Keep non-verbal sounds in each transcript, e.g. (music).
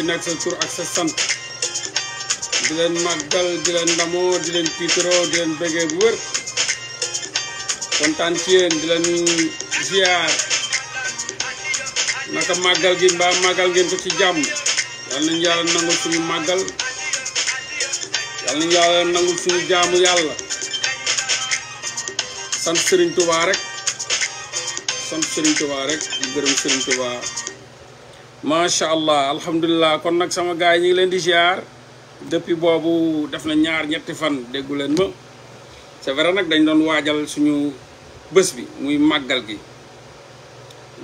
ci nekk sa tur ak sa sant di leen màggal di leen ndamoo di leen tiitaroo di bu wër ci di ziar naka magal gi mbaa màggal ngeen ko ci jàmm yal nañu yàlla nangul suñu màggal yal nañu yàlla nangul suñu jaamu yàlla sant Serigne Touba rek sant Serigne Touba rek gërëm Serigne Touba. Masya allah Alhamdulillah. kon nak sama gaay ñi ngi leen di ziar depuis bobu def na ñaar ñetti fan déggu leen ma c'est vrai nak dañ doon wajal suñu bëss bi muy magal gi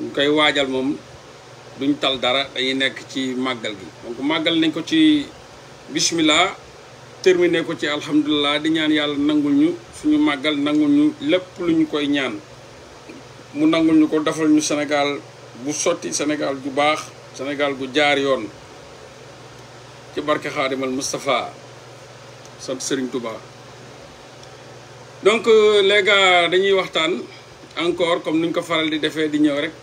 ñu koy wajal mom duñ tal dara dañuy nekk ci magal gi donc magal nañ ko ci bismillah terminé ko ci alhamdullilah di ñaan yalla nangul ñu suñu magal nangul ñu lepp luñ koy ñaan mu nangul ñu ko defal ñu Sénégal bu soti Sénégal bu baax Senegal gu jaar yoon ci barke xaadimal Moustapha sant Serigne Touba donc euh, les gars dañuy waxtaan encore comme niñ ko faral di defé di ñew rek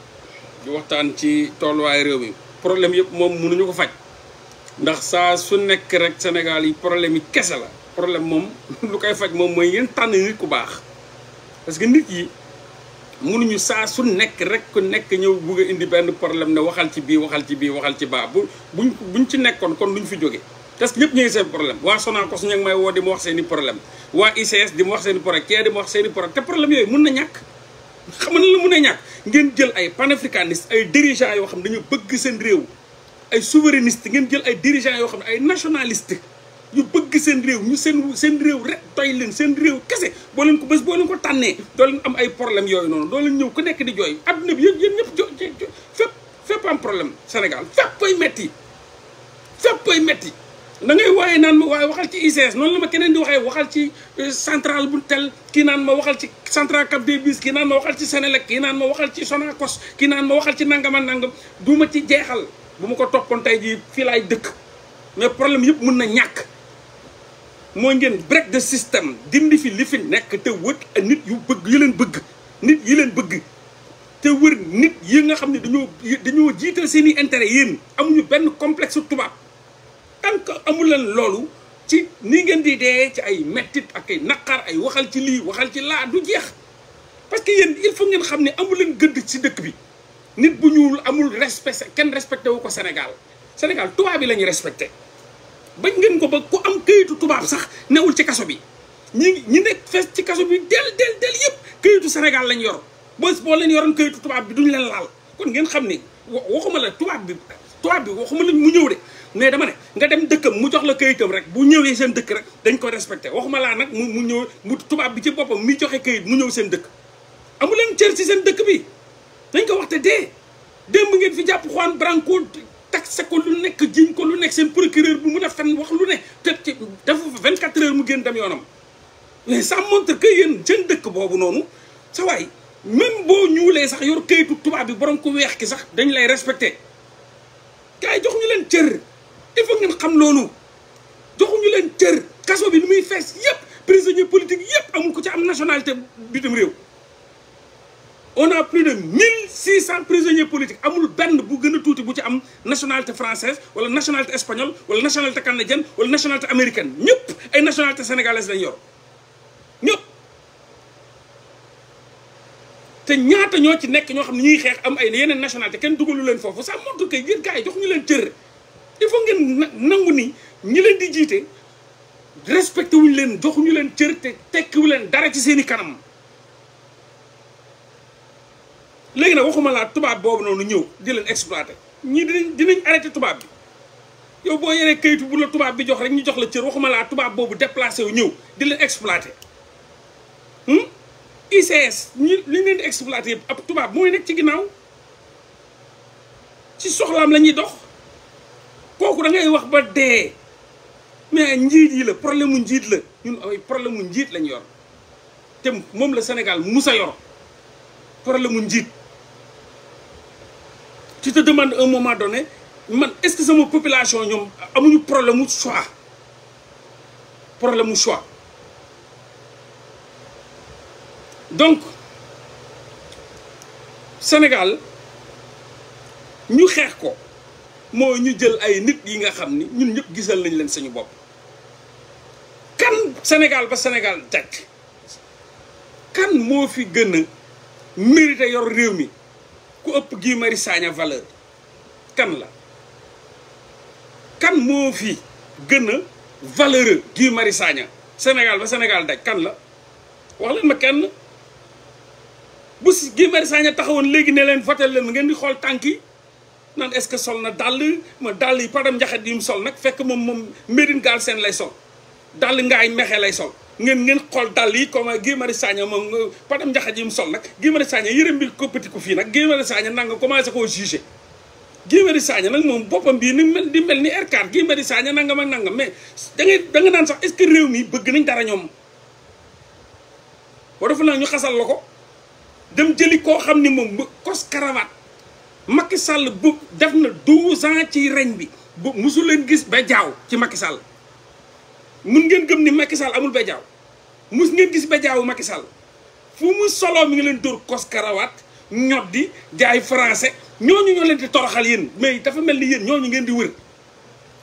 di waxtaan ci tolluwaay rew mi problème mom moom mënuñu ko fajj ndax sa su nek rek Senegal yi problème yi kessa la problème mom (laughs) lu koy fajj mom moy yeen tan nit ku baax parce que nit yi. mënuñu saa su nekk rek ku nekk ñëw bugg indi benn problème ne waxal ci bii waxal ci bii waxal ci baa bu buñ buñ ci nekkoon kon duñ fi jóge parce que ñëpp ñëw seen problème waa Sonacos ñu ngi may woo di ma wax seen i problème waa ICS di ma wax seen i problème kee seen i problème te problème yooyu mun na ñàkk xam na la mun na ñàkk ngeen jël ay panafricaniste ay dirigeants yoo xam ne dañu bëgg seen réew ay souverainiste ngeen jël ay dirigeants yoo xam ne ay nationaliste yu bëgg seen réew ñu seen seen réew rek toy leen seen réew kese bo leen ko bés bo leen ko tanné do leen am ay problème yoy non do leen ñew ku nekk di joy aduna bi yeen yéen ñëpp jo fep am problème Sénégal koy metti koy metti da ngay waaye nan ma waaye waxal ci ICS non la ma keneen di waxee waxal ci euh, centrale bu tel ki nan ma waxal ci centrale Cap des Biches ki nan ma waxal ci Senelec ki nan ma waxal ci Sonacos ki nan ma waxal ci nangama nangam duma ci jéxal bu ma ko topon tay ji fii laay dëkk mais problème yëpp mën na mooy ngeen break de système dindi fi li fi nekk te wër nit yu bëgg yu leen bëgg nit yi leen bëgg te wër nit yi nga xam ne dañoo dañoo jiital seen i intérêt yéen amuñu benn complexe tubaab tant amul amu leen loolu ci ni ngeen di dee ci ay mettit ak ay naqar ay waxal ci lii waxal ci laa du jeex parce que yéen il faut ngeen xam ni amul leen gëdd ci dëkk bi nit bu ñuul amul respect kenn respecté wu ko Sénégal Sénégal tubaab bi la ñu respecté bañ ngeen ko ba ku am këyitu tubaab sax newul ci kaso bi ñi ñi nekk fees ci kaso bi del del del yëpp këyitu Sénégal lañ yor bés boo leen yoroon këyitu tubaab bi duñ leen laal kon ngeen xam ne waxuma la tubaab bi tubaab bi waxuma la mu ñëw de mais dama ne nga dem dëkkam mu jox la këyitam rek bu ñëwee seen dëkk rek dañ ko respecté waxuma laa nag mu mu ñëw mu tubaab bi ci boppam mi joxe këyit mu ñëw seen dëkk amu leen cër ci seen dëkk bi dañ ko waxte dee démb ngeen fi jàpp Branco taxe ko lu nekk jiñ ko lu nekk seen procureur bu mun a fen wax lu ne te ci dafa vingt quatre heures mu génn dem yoonam mais ça montre que yéen seen dëkk boobu noonu sa waay même boo ñuulee sax yor kayitu tubaab bi borom ko weex ki sax dañ lay respecté gars yi jox ñu leen cër il faut ngeen xam loolu joxuñu leen cër kaso bi lu muy fees yëpp prisonnier politique yëpp amul ko ci am nationalité bitim réew on a plus de 1600 prisonniers politiques amul ben bu tout a bu ci am nationalité française wala nationalité espagnole wala nationalité canadienne wala nationalité américaine ñëpp ay nationalité sénégalaise lañ yor ñëpp. te ñaata ñoo ci nek ñoo xam ñi xex am ay yeneen nationalité kenn dugalu leen fofu sa montre kay yéen gaay yi jox ñu leen cër il faut ngeen nangu ni ñi leen di jité respecté wuñu leen ñu leen cër te tekkiwu leen dara ci seeni kanam. léegi nag waxuma laa tubaab boobu noonu ñëw di leen exploité ñii di dinañ arrêté tubaab bi yow boo yoree kayitu bu la tubaab bi jox rek ñu jox la cër waxuma laa tubaab boobu déplacé wu ñëw di leen exploité hmm? ICS ñu li ñu leen di yëpp ab tubaab mooy nekk ci ginnaaw ci soxlaam lañuy dox kooku da wax ba dee mais njiit yi la problème mu njiit la ñun ay problème mu njiit lañ yor te moom la Sénégal musa yor problème mu njiit ci te demand un moment donné man est-ce que sama population ñoom amuñu problème mu choix problème mu choix donc Sénégal ñu xeex ko moo ñu jël ay nit yi nga xam ni ñun ñëpp gisal nañ leen suñu bopp kan Sénégal ba Sénégal daj kan moo fi gën a mérité yor réew mi ku ëpp Guy Marius Sagna valeur kan la kan moo fi gën a valeureux Guy Marius Sagna Sénégal ba Sénégal daj kan la wax leen ma kenn bu si Guy Marius Sagna taxawoon léegi ne leen voté leen ngeen di xool tànk yi naan est que sol na dàll ma dàll yi padam njaxet yi mu sol nag fekk moom moom Médine Galsen lay sol dàll ngaay mexe lay sol ngeen ngeen xool dàll yi comme Guy Marius Sagna moom Padam Ndiakhate yi mu sol nag Guy Marius Sagna yërëm bi ko petit ko fii nag Guy Marius Sagna nanga commencé koo jugé. Guy Marius Sagna nag moom boppam bii ni mel di mel ni R4 Guy Marius Sagna nangam ak nangam mais da ngay da nga naan sax est-ce que réew mi bëgg nañ dara ñoom. wala fu nag ñu xasal la ko dem jëli koo xam ni moom kos karawaat Macky Sall bu def na douze ans ci reñ bi bu musu leen gis ba jaaw ci Macky sàll mun ngeen gëm ni Macky Sall amul bejaaw mus ngeen gis bejaawu Macky Sall fu mu soloo mi ngi leen dóor kos karawaat di jaay français ñooñu ñoo leen di toroxal yéen mais dafa mel ni yéen ñooñu ngeen di wër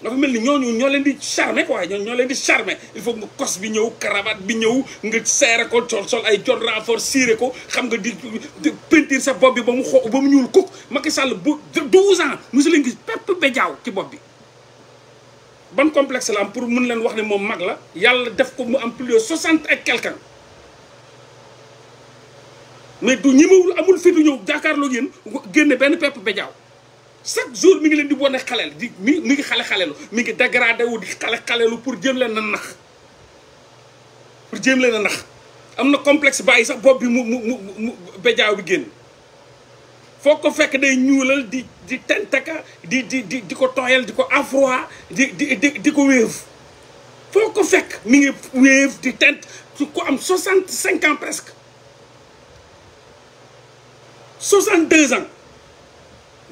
dafa mel ni ñooñu ñoo leen di charmer quoi ñooñu ñoo leen di charmer il faut nga kos bi ñëw karawaat bi ñëw nga seere ko sol sol ay jot renfort siire ko xam nga di peinture sa bopp bi ba mu xoo ba mu ñuul kuk Macky Sall bu 12 ans mosu leen gis pepp bejaaw ci bopp bi ban complexe la am pour mun leen wax ne moom mag la yàlla def ko mu am plus de soixante ak quelqu'un mais du ñimawul amul fi fitu ñëw jàkkaarloo yéen génne benn pepp bejaaw chaque jour mi ngi leen di wane xaleel di mi mi ngi xale xalelu mi ngi dégradé wu di xale xalelu pour jéem leen na nax pour jéem leen na nax am na complexe bàyyi sax bopp bi mu mu mu bejaaw bi génn foo ko fekk day ñuulal di di tentaka di di di ko tooyal di ko afroi di di di ko wéef foo ko fekk mi ngi wéef di tent su ko am soixante cinq ans presque soixante deux ans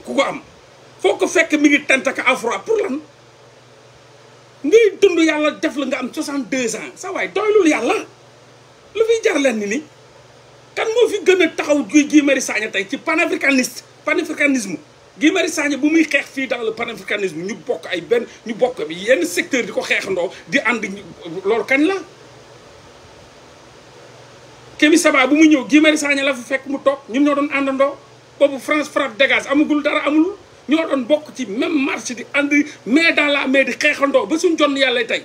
ku ko am foo ko fekk mi ngi tentaka afroi pour lan ngay dund yàlla def la nga am soixante deux ans sa waay doylul yàlla lu fiy jar leen ni ni kan moo fi gën a taxaw guy Guy Marius Sagna tey ci panafricaniste panafricanisme Guy Marius Sagna bu muy xeex fii dans le panafricanisme ñu bokk ay benn ñu bokk bi yenn secteur di ko xeexandoo di ànd loolu kañ la Kémi Seba bu mu ñëw Guy Marius Sagna la fi fekk mu toog ñun ñoo doon àndandoo boobu France frappe dégage amagul dara amul ñoo doon bokk ci même marche di ànd mais dans la mais di xeexandoo ba suñ jonn yàlla tey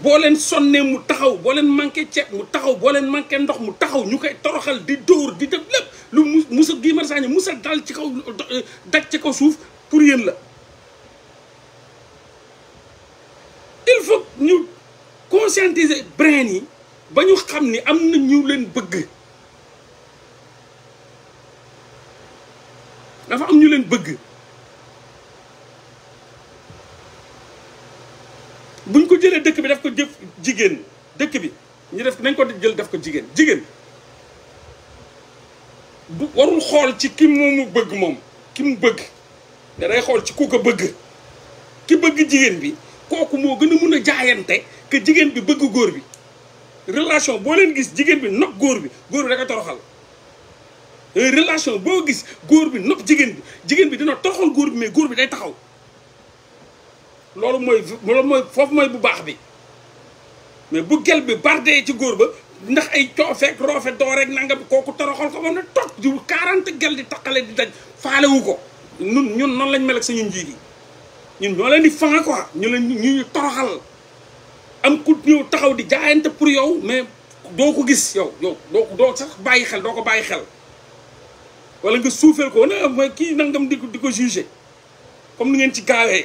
boo leen sonnee mu taxaw boo leen manqué ceeb mu taxaw boo leen manqué ndox mu taxaw ñu koy toroxal di dóor di def lépp lu mu musa Guy Marius Sagna musa dal ci kaw daj ci kaw suuf pour yéen la il faut ñu conscientiser brain yi ba ñu xam ni am na ñu leen bëgg dafa am ñu leen bëgg buñ ko jëlee dëkk bi daf ko jëf jigéen dëkk bi ñu def nañ ko jël daf ko jigéen jigéen bu warul xool ci ki mu bëgg moom ki mu bëgg da day xool ci ku ko bëgg ki bëgg jigéen bi kooku moo gën a mun a jaayante que jigéen bi bëgg góor bi relation boo leen gis jigéen bi nopp góor bi góor bi da ko toroxal relation boo gis góor bi nopp jigéen bi jigéen bi dina toroxal góor bi mais góor bi day taxaw loolu mooy loolu mooy foofu mooy bu baax bi mais bu gel bi bardee ci góor ba ndax ay coofeek roofe doo rek nanga kooku toroxal ko ba ne toog di 40 gel di taqale di daj faalewu ko ñun ñun noonu lañ mel ak suñu njiit yi ñun ñoo leen di fan quoi ñu leen ñu toroxal am ku ñëw taxaw di jaayante pour yow mais doo ko gis yow yow doo doo sax bàyyi xel doo ko bàyyi xel wala nga suufee ko na kii nangam di ko di ko jugé comme ni ngeen ci gaawee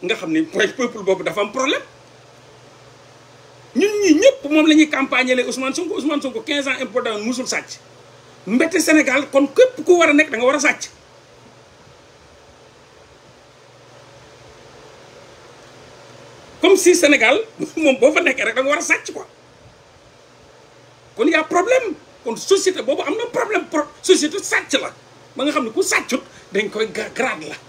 nga xam ne peuple boobu dafa am problème ñun ñii ñëpp moom la ñuy campagne le Ousmane Sonko Ousmane Sonko 15 ans impôt domaine musul sàcc mbette Sénégal kon képp ku war a nekk danga war a sàcc comme si Sénégal (laughs) moom boo fa nekkee rek da war a sàcc quoi kon y problème kon société boobu am na problème pro société sàcc la ba nga xam ne ku sàccut dañ koy grade la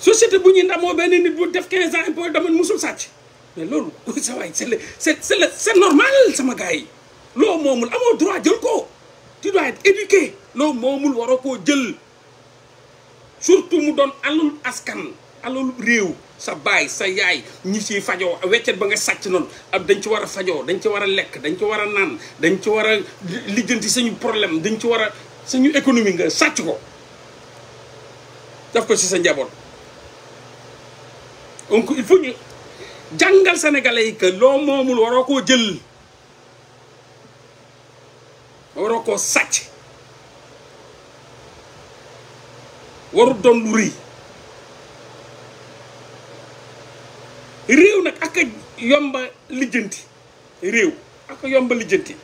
société bu ñuy ndamoo benn nit bu def 15 ans impôt dama musul sàcc mais loolu (laughs) sa waay c'est le c'est c'est le c'est normal sama gars loo moomul amoo droit jël ko tu dois être éduqué loo moomul waroo koo jël surtout mu doon alul askan alul réew sa baay sa yaay ñi ciy fajoo weccet ba nga sàcc noonu ab dañ ci war a fajoo dañ ci war a lekk dañ ci war a naan dañ ci war a lijjanti suñu problème dañ ci war a suñu économie nga sàcc ko daf ko si sa njaboot donc il faut ñu jàngal sénégalais yi que loo moomul waroo koo jël waroo koo sàcc waru doon lu rëy réew nag ak a yomba lijjanti réew ak a yomba lijjanti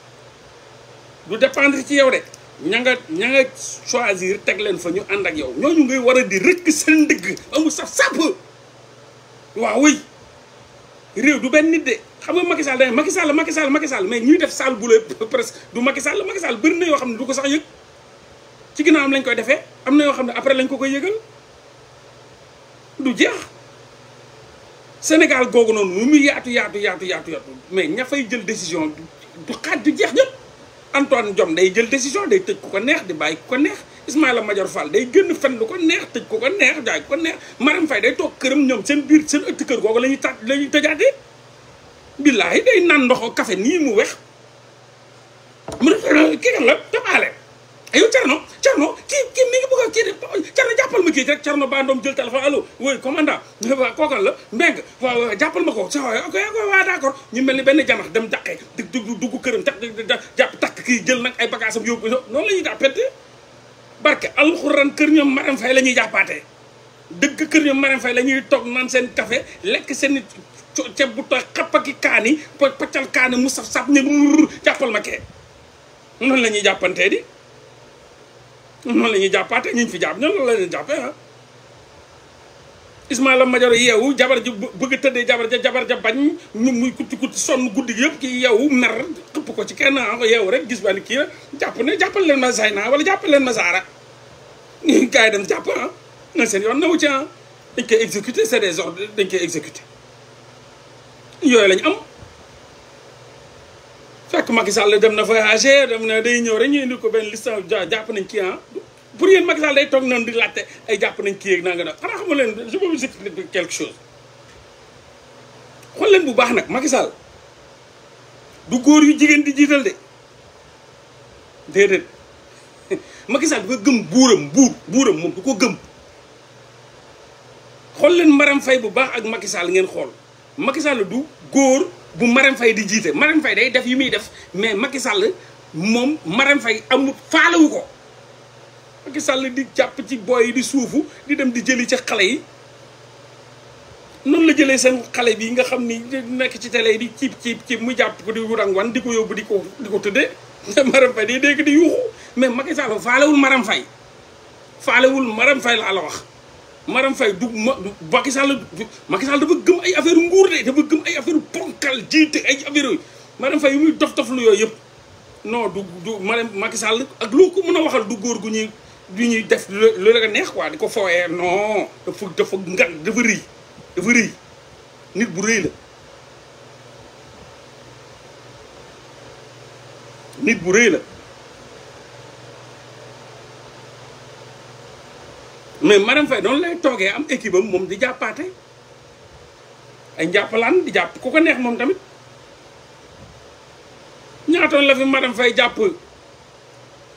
lu dépendre ci yow de ña nga ña nga choisir teg leen fa ñu ànd ak yow ñooñu ngay war a di rëkk seen dëgg amul saf sàpp waaw oui réew du benn nit de xam nga Macky Sall dañuy Macky Sall Macky Sall Macky Sall mais ñuy def sall bu la presque du Macky Sall Macky Sall bëri na yoo xam ne du ko sax yëg ci ginnaawam lañ koy defee am na yoo xam ne après lañ ko koy yëgal du jeex Sénégal googu noonu nu muy yaatu yaatu yaatu yaatu yaatu mais ña fay jël décision du xaaj du jeex ñëpp Antoine jom day jël décision day tëj ku ko neex di bàyyi ku ko neex. Ismaïla major Fall day gënn fen lu ko neex tëj ko ko neex jaay ko neex Marème day toog këram ñoom seen biir seen ëtt kër googu la ñuy tàj la ñuy tëjaatee billaahi day naan ndoxo café nii mu wex mu ne eh, kii kan la tabaale eh, yow Thierno Thierno kii kii mi ngi bëgg a kii de Thierno jàppal ma kii rek Thierno Bandoom jël eh, ko sa waay ok ñu mel ni benn janax dem daqee dugg dugg këram tax jàpp takk kii jël nag ay bagages am yóbbu noonu la ñuy daa pente barke alxuraan kër ñoom Marème Faye la ñuy jàppaatee dëgg kër ñoom Marème Faye la ñuy toog naan seen café lekk seen ceeb bu tooy xapp ak i kaani paccal kaani mu saf saf ne mu jàppal ma kee noonu la ñuy jàppantee di noonu la jàppaate jàppaatee ñu fi jàpp ñoom loolu la ñuy ah. Ismaïla Madior yeewu jabar ji bëgg tëddee jabar ja jabar ja bañ ñu muy kutti kutti sonn guddi yëpp ki yeewu mer xëpp ko ci kenn ko ah, yeewu rek gis ba kii la jàpp ne jàppal leen ma Zeyna wala jàppal leen ma Zahra ñun (laughs) gars yi dem jàpp ah seen yoon newu ci ah dañ koy exécuté c'est des ordres dañ koy exécuté yooyu lañ am fekk Macky Sall dem na voyager dem na day ñëw rek ñu indi ko benn liste ah, jàpp nañ kii ah pour yéen Macky Sall day toog noonu di laajte ay jàpp nañ kii yeeg naa nga nag xanaa xamu leen je peux vous expliquer bu baax nag Macky Sall du góor yu jigéen di jiital de déedéet (laughs) Macky Sall du ko gëm buuram buur buuram moom du ko gëm xool leen Marème Faye bu baax ak Macky Sall ngeen xool Macky Sall du góor bu Marème Faye di jiite Marème Faye day def yi muy def mais Macky Sall moom Marème Faye amul faalewu ko Macky Sall di jàpp ci booy yi di suufu di dem di jëli ci xale yi noonu la jëlee seen xale bi nga xam ni nekk ci télé di ciib ciib ciib mu jàpp ko di wurang wan di ko yóbbu di ko ko tëddee (laughs) Maram Faye day di yuuxu mais Macky Sall faalewul Maram Faye faalewul Maram Faye la wax Maram Faye du ma Macky Sall Macky Sall dafa gëm ay affaire nguur de dafa gëm ay affaire ponkal jiite ay affaire yooyu Maram Faye yu muy dof dof lu yooyu yëpp non du du Maram Macky Sall ak loo ko mën a waxal du góor gu ñuy du ñuy def lu la neex quoi di ko fooyee non dafa dafa ngan dafa rëy dafa rëy nit bu rëy la nit bu rëy la mais Marème fa noonu lay toogee am équipe am moom di jàppaate ay njàppalaan di jàpp ku ko neex moom tamit ñaatoon la fi Marème Faye jàpp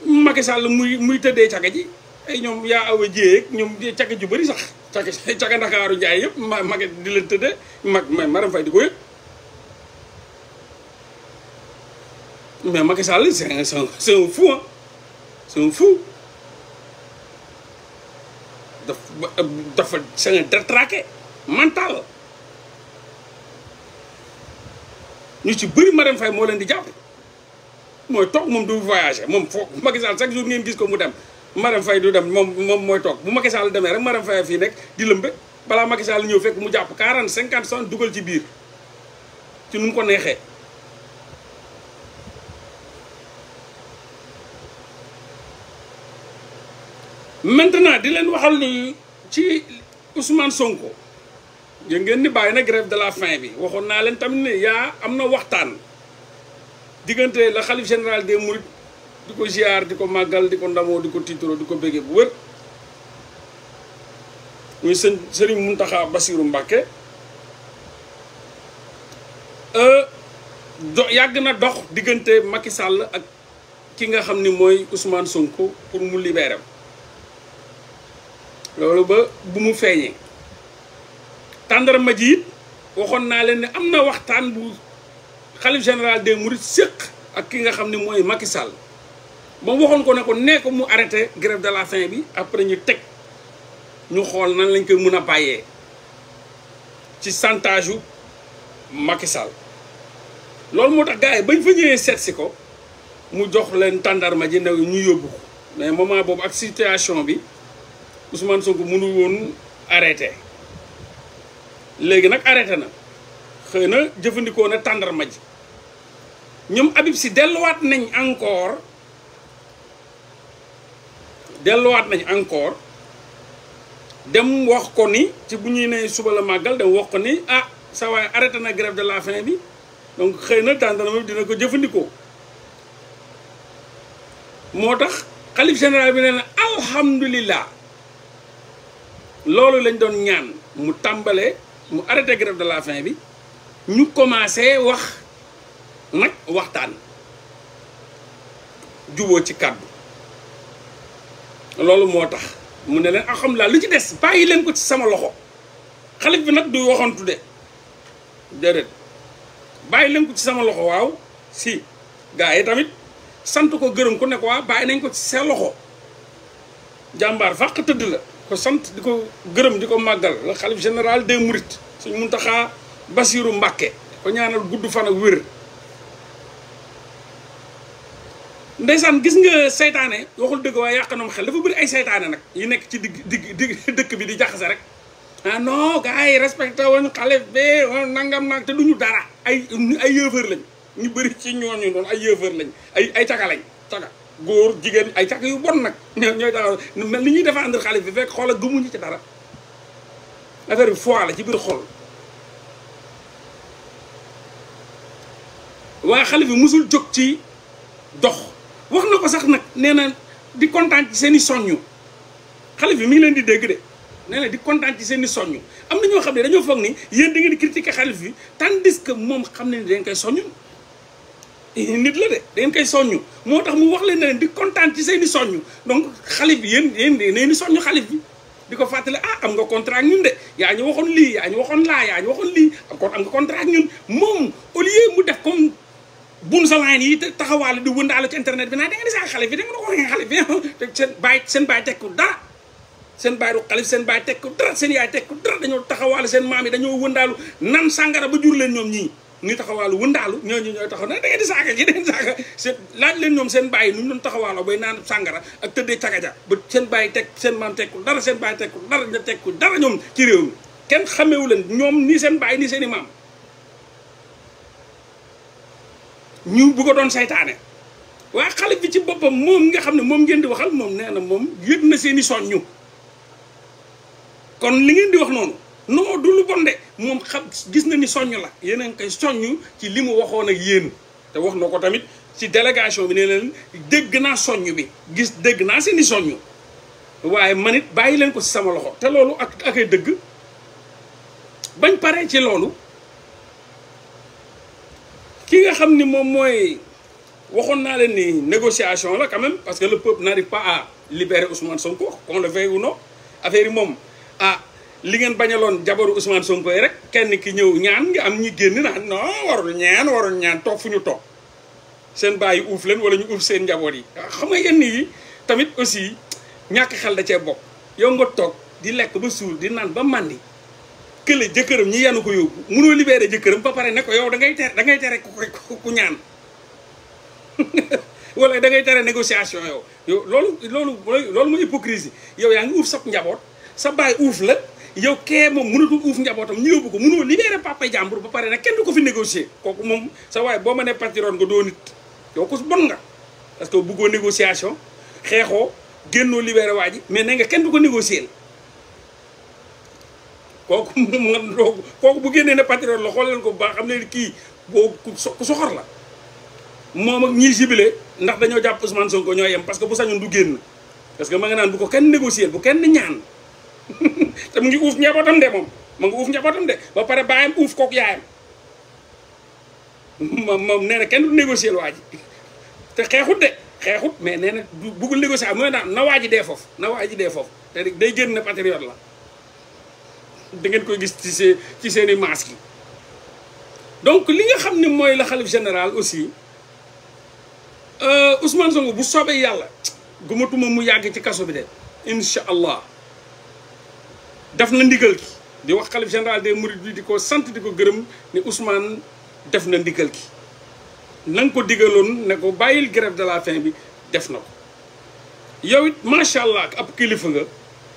Macky Sall muy muy teudé ciaga ji ay ñom ya awé aw ak ñom di ciaga ju bari sax ciaga ciaga Ndakaaru Njaay yépp ma Macky di leen tëddee mag Marème Faye di ko yëg mais Macky Sall c'est un c'est un fou ah c'est un fou daf dafa c'est un détraqué mental ñu ci bëri Marème fay mo leen di japp mooy toog moom du voyager moom foo Macky Sall chaque jour ngeen gis ko mu dem Marème Faye du dem moom moom mooy toog bu Macky Sall demee rek Marème Faye fii nekk di lëmbe balaa Macky Sall ñëw fekk mu jàpp 40 50 cent dugal ci biir ci nu mu ko neexee maintenant di leen waxal ni ci Ousmane Sonko yëg ngeen ni bàyyi na grève de la fin bi waxoon naa leen tamit ne yaa am na waxtaan diggante la xalif général de mourides di ko ziar di ko màggal di ko ndamoo di ko tiitaroo di ko béggee bu wër muy sëñ sëriñ Muntaxa Basiru Mbàkke euh, yàgg na dox diggante Macky sàll ak ki nga xam ni mooy Ousmane Sonko pour mu libérer loolu ba bu mu feeñee tàndarma ji it waxoon naa leen ne am na waxtaan bu xalif général des mourides séq ak ki nga xam ne mooy Macky Sall moom waxoon ko ne ko nee ko mu arrêté grève de la faim bi après ñu teg ñu xool nan lañ koy mën a bàyyee ci chantage yu Macky Sall loolu moo tax gars yi bañ fa ñëwee seet si ko mu jox leen tàndarma ji yi ñu yóbbu ko mais moment boobu ak situation bi Ousmane Sonko mënul woon arrêté léegi nag arrêté na xëy na jëfandikoo na tàndarma ji ñom Habib si wat nañ encore wat nañ encore dem wax ko ni ci bu ñuy ne suba la magal dem wax ko ni ah sa way arrêté na grève de la faim bi donc xeyna tan dana dina ko jëfëndiko motax khalif général bi neena alhamdullilah alhamdulillah lañ doon ñaan mu tambalé mu arrêté grève de la faim bi ñu commencé wax nak waxtan juboo ci kaddu lolou motax tax mu ne leen alhamdulilah lu ci dess bayi len ko ci sama loxo Khalif bi nak du waxantu de deret bayi len ko ci sama loxo waw si gaay tamit sant ko geureum ku nek wa bayi nañ ko ci sel loxo jambar fàq teud la ko sant diko geureum diko magal khalif general la des ko ñaanal guddu fan ak ndeysaan gis nga seytaane waxul dëgg waaye yàq na xel dafa bëri ay seytaane nag yi nekk ci digg digg dëkk bi di jaxase rek ah non gars yi respecté woon xalif bi nag te du ñu dara ay ay yëfër lañ ñu bëri ci ñooñu noonu ay yëfër lañ ay ay caka lañ góor jigéen ay caka yu bon nag ñooy taxaw mel li ñuy défendre xalif bi fekk xoola gëmuñu ci dara affaire bi foi la ci biir xol waaye xalif bi musul jóg ci dox wax na ko sax nag nee na di kontaan ci seen i soññu xale bi mi leen di dégg de nee na di kontaan ci seen i soññu am na ñoo xam ne dañoo foog ni yéen da ngeen di critiquer xalif bi tandis que moom xam ne ni dangeen koy soññu eh, nit la de dangeen koy soññu moo tax mu wax leen ne di kontaan ci seeni i soññu donc xalif bi yéen yéen nee ni soññu xalif bi di ko fàttali ah am nga contrat ak ñun de yaa ñu waxoon lii yaa ñu waxoon laa yaa ñu waxoon lii kon am nga contrat ak ñun moom au lieu mu def comme bun sa line yi taxawaale di wëndaale ci internet bi naa da nga di saa xale bi da nga ko waxee (laughs) seen baay seen baay tekku dara seen baay du xalif seen baay tekku dara seen yaay dañoo taxawaale seen nan sàngara ba jur leen ñoom ñii ñu taxawaalu wëndaalu ñoo ñu taxaw na da nga di saaga ji (laughs) seen leen ñoom seen baay yi nu ñu doon taxawaaloo naan sàngara ak tëddee cagaja ba seen baay tek seen maam tekku dara seen baay tekku dara ña tekku dara ñoom ci réew mi kenn xamewu leen ñoom ni seen baay ni seen i maam ñu bu ko doon saytaane waaye xale bi ci boppam moom nga xam ne moom ngeen di waxal moom nee na moom yëg na seeni soññu kon li ngeen di wax noonu non du lu bonde moom xam gis na ni soññ la yéen a ngi koy soññ ci li mu waxoon ak yéen te wax na ko tamit ci délégation bi ne leen dégg naa soññ bi gis dégg naa seeni soññu waaye man it bàyyi leen ko ci sama loxo te loolu ak ak dëgg bañ pare ci loolu ki nga xam ni moom mooy waxoon naa ni négociation la quand même parce que le peuple n'arrive pas à libérer Ousmane Sonko qu'on le veuille ou non affaire mom a ah li ngeen bañaloon jabaru Ousmane Sonko rek kenn ki ñew ñaan nga am ñi genn na non warul ñaan warul ñaan tok fuñu tok toog seen bàyyi uuf wala ñu ouf seen ah, xam nga yenn yi tamit aussi ñak xel da ci bok yow nga tok di lek ba sul di nan ba mandi kële jëkkëram ñi yenu ko yóbbu mënoo libéré jëkkëram ba pare ne ko yow da ngay tere da ngay tere ku ku ñaan (laughs) wala da ngay tere négociation yow yow loolu loolu loolu mooy hypocrisie yow yaa ngi uuf sa njaboot sa baay uuf la yow kee moom mënatul uuf njabootam ñu yóbbu ko mënoo libéré papa jàmbur ba pare nag kenn du ko fi négocier kooku moom sa waay boo ma ne patiroon nga doo nit yow ko bon nga parce que buggoo négociation xeexoo génnoo libéré waa ji mais ne nga kenn du ko négocier koku (laughs) moom nga doo kooku bu génnee ne patron la xool ko ba xam ne kii bo ku soxor la mom ak ñi jibilé ndax dañu japp Ousmane Sonko ñoy yam parce que bu sañoon du génn parce que ma nga naan bu ko kenn négocier bu kenn ñaan (laughs) te mu ngi uuf ñabotam de mom ma nga uuf ñabotam de ba pare baayam uuf kook yaayam (laughs) mom moom nee na kenn du négocier waa ji te xeexut de xeexut mais nee na bu négocier mo naan na waa dé fof na waji dé fof te day génn ne patriote la da koy gis ci seen ci seen i masques donc li nga xam ne mooy la xalif général aussi euh, Ousmane Sonko bu soobee yàlla gumatuma mu yàgg ci kaso bi de incha allah def na ndigal ki di wax xalif général de mourides bi di ko sant di ko gërëm ni Ousmane def na ndigal ki na ko digaloon ne ko bàyyil grève de la faim bi def na ko yow it macha allah ab kilifa nga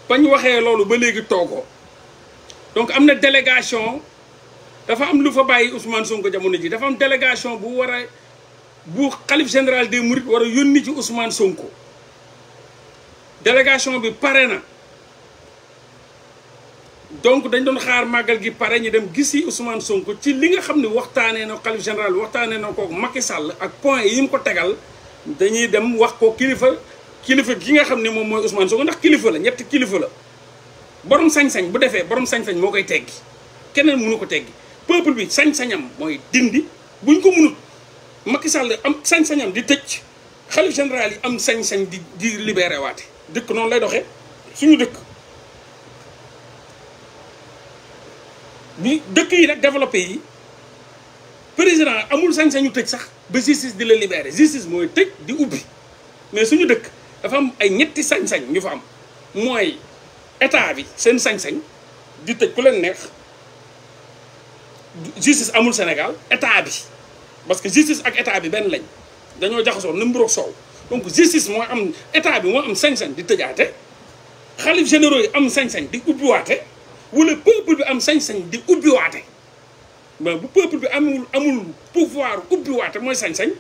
bañ waxee loolu ba léegi toogoo donc am na délégation dafa am lu fa bàyyi Ousmane Sonko jamono ji dafa am délégation bu war a bu xalif général des Mourides wara a yónni ci Ousmane Sonko délégation bi pare na donc dañ doon xaar màggal gi pare ñu dem gisi Ousmane Sonko ci li nga xam ne waxtaanee na xalif général waxtaanee na ko Macky sàll ak point yi mu ko tegal dañuy dem wax ko kilifa kilifa gi nga xam ne moom mooy Ousmane Sonko ndax kilifa la ñetti kilifa la. borom sañ-sañ bu defee borom sañ-sañ moo koy teggi keneen mënu ko teggi peuple bi sañ-sañam mooy dindi buñ ko mënut Macky Sall am sañ-sañam di tëj xalif général yi am sañ-sañ di di libéré waate dëkk noonu lay doxee suñu dëkk bi dëkk yi nag développé yi président amul sañ-sañu tëj sax ba justice di la libéré justice mooy tëj di ubbi mais suñu dëkk dafa am ay ñetti sañ-sañ ñu fa am mooy état bi seen sañ-sañ di justice amul Sénégal état parce que justice ak état bi ben un donc justice moi, am état bi moi, am sañ-sañ di Khalif généraux am di le peuple bi am sañ-sañ di mais bu peuple bi amul amul pouvoir ubbiwaate moy sañ-sañ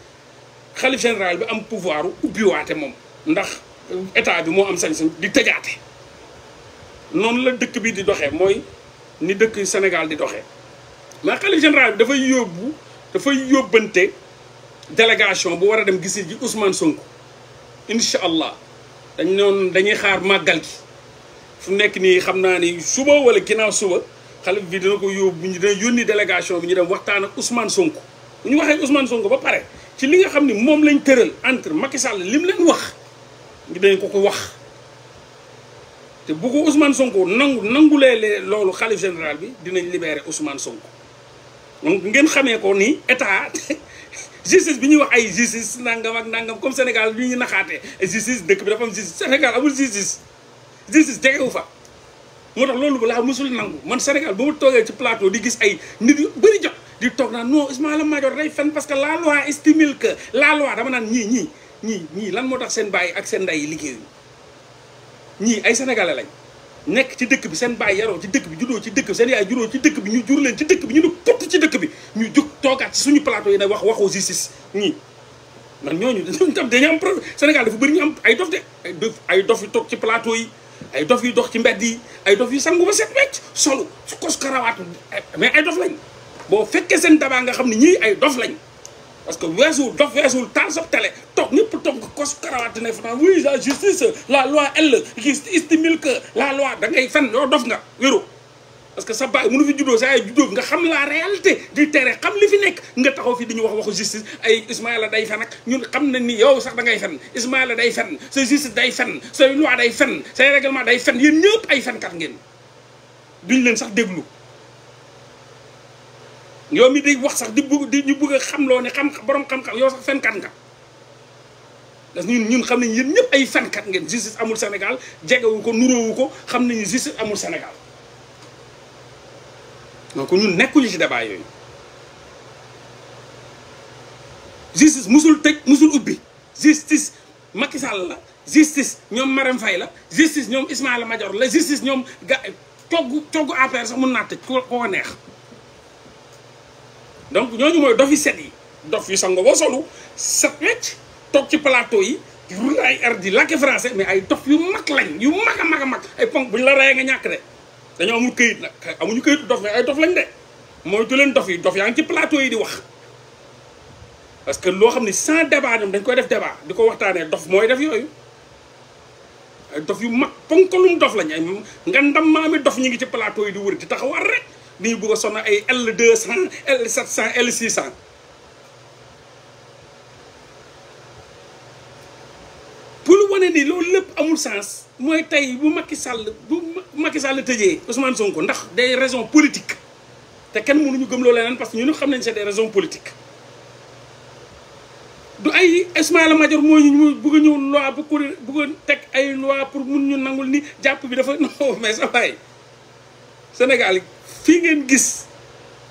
Khalif général bi am pouvoir ubbiwaate mom ndax noonu la dëkk bi di doxee mooy ni dëkk Sénégal di doxee mais xalifa général bi dafay yóbbu dafay yóbbante délégation bu war a dem gisi ji Ousmane Sonko incha allah dañ noonu dañuy xaar màggal gi fu nekk nii xam naa ni suba wala ginnaaw suba xalifa bi dina ko yóbbu ñu dina yónni délégation bi ñu dem waxtaan ak Ousmane Sonko bu ñu waxee Ousmane Sonko ba pare ci li nga xam ne moom lañ tëral entre Macky Sall li mu wax ñu dañ ko ko wax te bu ko Ousmane Sonko nangu nangulee loolu xalif général bi dinañ libérer Ousmane Sonko donc ngeen xamee ko ni état (laughs) justice bi ñuy wax ay justice nangam ak nangam comme Sénégal li ñu naxaatee justice dëkk bi dafa am justice Sénégal amul justice justice jegewu fa. moo tax loolu balaa musul nangu man Sénégal ba mu toogee ci plateau di gis ay nit yu bëri jot di toog naan non Ismaïla Madior day fen parce que la loi estime que la loi dama naan ñii ñii ñii ñii lan moo tax seen bàyyi ak seen ndey liggéeyuñu. ñii ay sénégalais lañ nekk ci dëkk bi seen baay yaroo ci dëkk bi juddoo ci dëkk bi seen yaay juddoo ci dëkk bi ñu jur leen ci dëkk bi ñu ne pott ci dëkk bi ñu jug toogaat suñu plateau yi ne wax waxu justice ñii man ñooñu dañu (laughs) tam dañu am problème Sénégal dafa bëri ñu am ay dof de ay dof ay dof yu toog ci plateau yi ay dof yu dox ci mbedd yi ay dof yu sangu ba set wecc solo su kos karawaatu mais ay dof lañ boo fekkee seen dabaa nga xam ne ñii ay dof lañ parce que weesuwul dof weesuwul taal sa télé toog ñëpp toog nga kos karawaate ne fanaan oui la justice la loi elle stimule que la loi da ngay fen yoo dof nga wéru parce que sa baay mënu fi sa ay nga xam la réalité du terrain xam li fi nekk nga taxaw fi dañuy wax waxu justice ay Ismaïla day fen ñun xam na ni yow sax da ngay fen la day fen sa justice day fen say loi day fen say règlement day fen yéen ñëpp ay fenkat ngeen duñ leen sax déglu yow mi di wax sax di bëgg di ñu bugg xam loo ne xam borom xam-xam yow sax fenkat nga parce que ñun ñun xam nañ yéen ñëpp ay fenkat ngeen justice amul Sénégal jegewu ko nuróowu ko xam nañu justice amul Sénégal donc ñun nekkuñu ci débat yooyu justice musul tëj mosul ubbi justice Macky Sall la justice ñoom Marème fay la justice ñoom Ismaïla Madior la justice ñoom ga togg togg APR sax mun naa tëj ko ko neex donc ñooñu mooy dof yi set yi dof yu sango bo solo set wetch tok ci plateau yi di ruy ay air di làkki français mais ay dof yu mak lañ yu mag a mak ay ponk buñ la rayee nga ñak de dañu amul keuyit nak amuñu keuyit dof ay dof lañ de moy du leen dof yi dof yaa ngi ci plateau yi di wax parce que lo xamni sans débat ñom dañ koy def débat diko ko dof moy def yoyu ay dof yu mag ponkalum dof lañ ay ngandam ndam maami dof ñi ngi ci plateau yi di wër di taxawar rek dañu bëgg a sonal ay L deux cent L sept cent L six cent pour lu wane nii loolu lépp amul sens mooy tey bu makki sàll bu Macky sàll tëjee Ousmane Sonko ndax de raisons politiques te kenn mënuñu gëm loolu leneen parce que ñun xam nañ c'est des raisons politiques du ay Ismaïla Madior mooy ñu bëgg a ñëw loi bu ko bëgg teg ay loi pour mun ñu nangul nii jàpp bi dafa (laughs) non mais sa waay Sénégal fi ngeen gis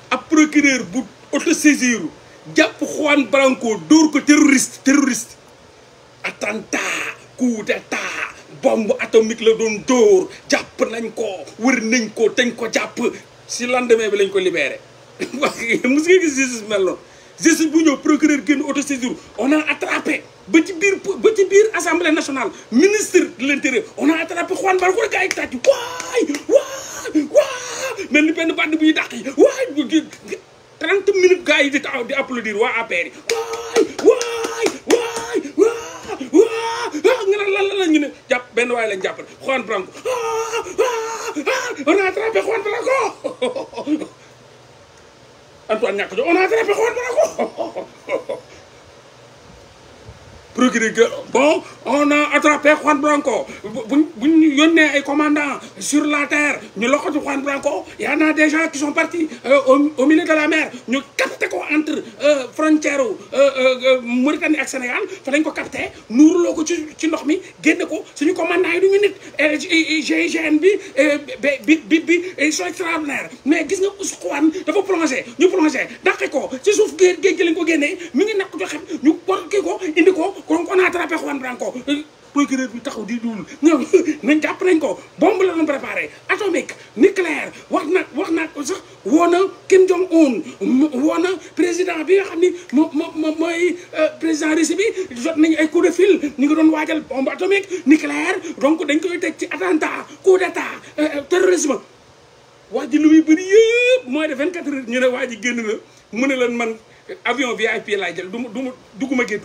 ab procureur bu saisir japp Juan Branco dóor ko terroriste terroriste attentat coup d'etat bombe atomique la doon dóor japp nañ ko wër nañ ko tañ ko japp si lendemain bi lañ ko libéré (laughs) wax mos nga gis jesus mel jesus bu ñëw procureur auto saisir on a attrapé ba ci bir ba ci bir assemblée nationale ministre de l'intérieur on a attrapé Juan Branco gaay tatti waay waay waay mel ni benn bànn bu ñuy dàq yi waay 30 minutes gars yi di taxaw di applaudir waa APR yi waay waay waay waay nga ne lan la ñu ne jàpp benn waay lañ jàppale Juan Branco ah, ah, ah, on a attrapé Juan Branco (laughs) Antoine ñàkk jo on a attrapé Juan Branco (laughs) bon on a attrapé Juan Branco Il y sur la terre il Juan y en a des qui sont partis euh, au milieu de la mer nous capté entre euh, frontière euh, Mauritanie et Sénégal capté Nous nous ci mi ko suñu commandants yi ils sont extraordinaires mais gis nga dafa ñu ko ci suuf Nous nous kon on a attrapé Juan Branco procureur bi taxaw di duul ñoom (laughs) nañ jàpp nañ ko bombe la doon préparé atomique nucléaire wax na wax na sax woo na Kim Jong Un woo na président bi nga xam ni moo moom mooy euh, président Russie bi jot nañu ay coup de fil ñu ngi doon waajal bombe atomique nucléaire donc dañ koy teg ci attentat coup d'état euh, euh, terrorisme waa ji lu muy bëri yëpp moins de vingt quatre heures ñu ne waa ji génn na mu ne leen man avion VIP laay jël du ma du ma dugguma géej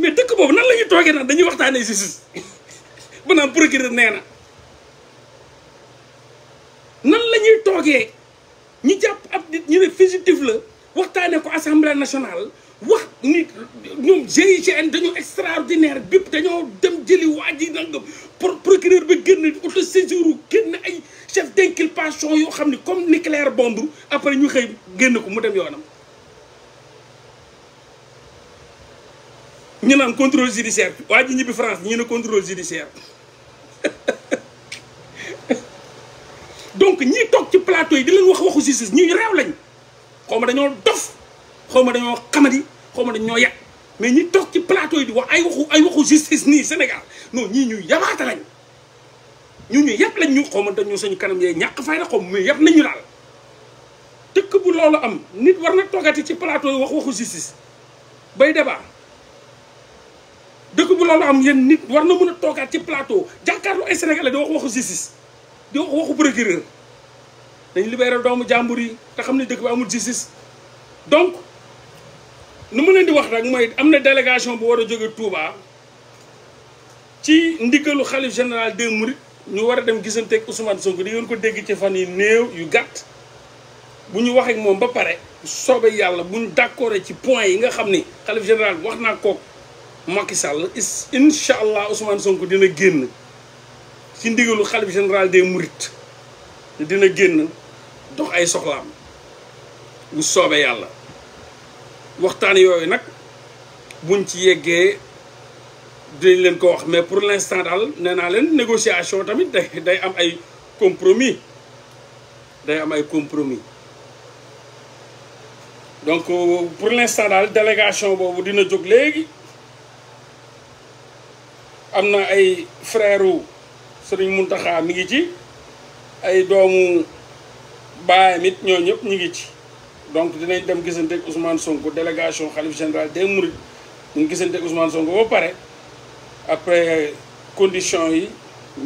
mais dëkk boobu nan la ñuy toogee nag dañuy waxtaanee justice ba naan procureur nee na nan lañuy toogee ñu jàpp ab nit ñu ne fugitif la waxtaanee ko assemblée national wax nit ñoom GIGN dañoo extraordinaire bépp dañoo dem jëli waa ji nangam pour procureur ba génn auto séjour génn ay chef d'inculpation yoo xam ne comme nucléaire bombe après ñu xëy génn ko mu dem yoonam. ñu naan contrôle judiciaire nous ji ñibbi France ñu ne contrôle judiciaire (laughs) donc ñi avons ci plateau nous di leen wax waxu justice ñuy nous lañ dof xamadi mais ñi avons ci plateau yi di wax ay waxu ay waxu justice ni Sénégal non ñii ñu yabaata lañ ñu ñu de lañ ñu xaw nous sommes suñu kanam Nous na mais y'a bu am nit de ci justice deug bu lolu am yeen nit war na mën a ci plateau jàkkaarloo ay sénégalais di wax waxu justice di wax waxu procureur dañ libéral doomu jamburi ta xamni deug bi amul justice donc nu di wax rek moy amna délégation bu wara a Touba ci ndigalu xalif général de Mourid ñu wara dem gisante ak Ousmane Sonko di ngeen ko dégg ci fan yi néew yu gatt bu ñu wax ak mom ba pare sobe yalla bu d'accordé ci point yi nga xamni ni général wax Macky Sall incha allah Ousmane Sonko dina génn ci ndigalu xalif général des Mourides dina génn dox ay soxlaam bu soobee yàlla waxtaan yooyu nag buñ ci yéggee dinañ leen ko wax mais pour l'instant daal nee naa leen négociation tamit day am ay compromis day am ay compromis donc pour l'instant daal délégation boobu dina jóg léegi. am na ay frère Serigne Mountakha mi ngi ci ay doomu baayam it ñoo ñëpp ñu ngi ci donc dinañ dem gisante ak Ousmane Sonko délégation xalif général des Mourides ñu ngi gisante ak Ousmane Sonko ba pare après condition yi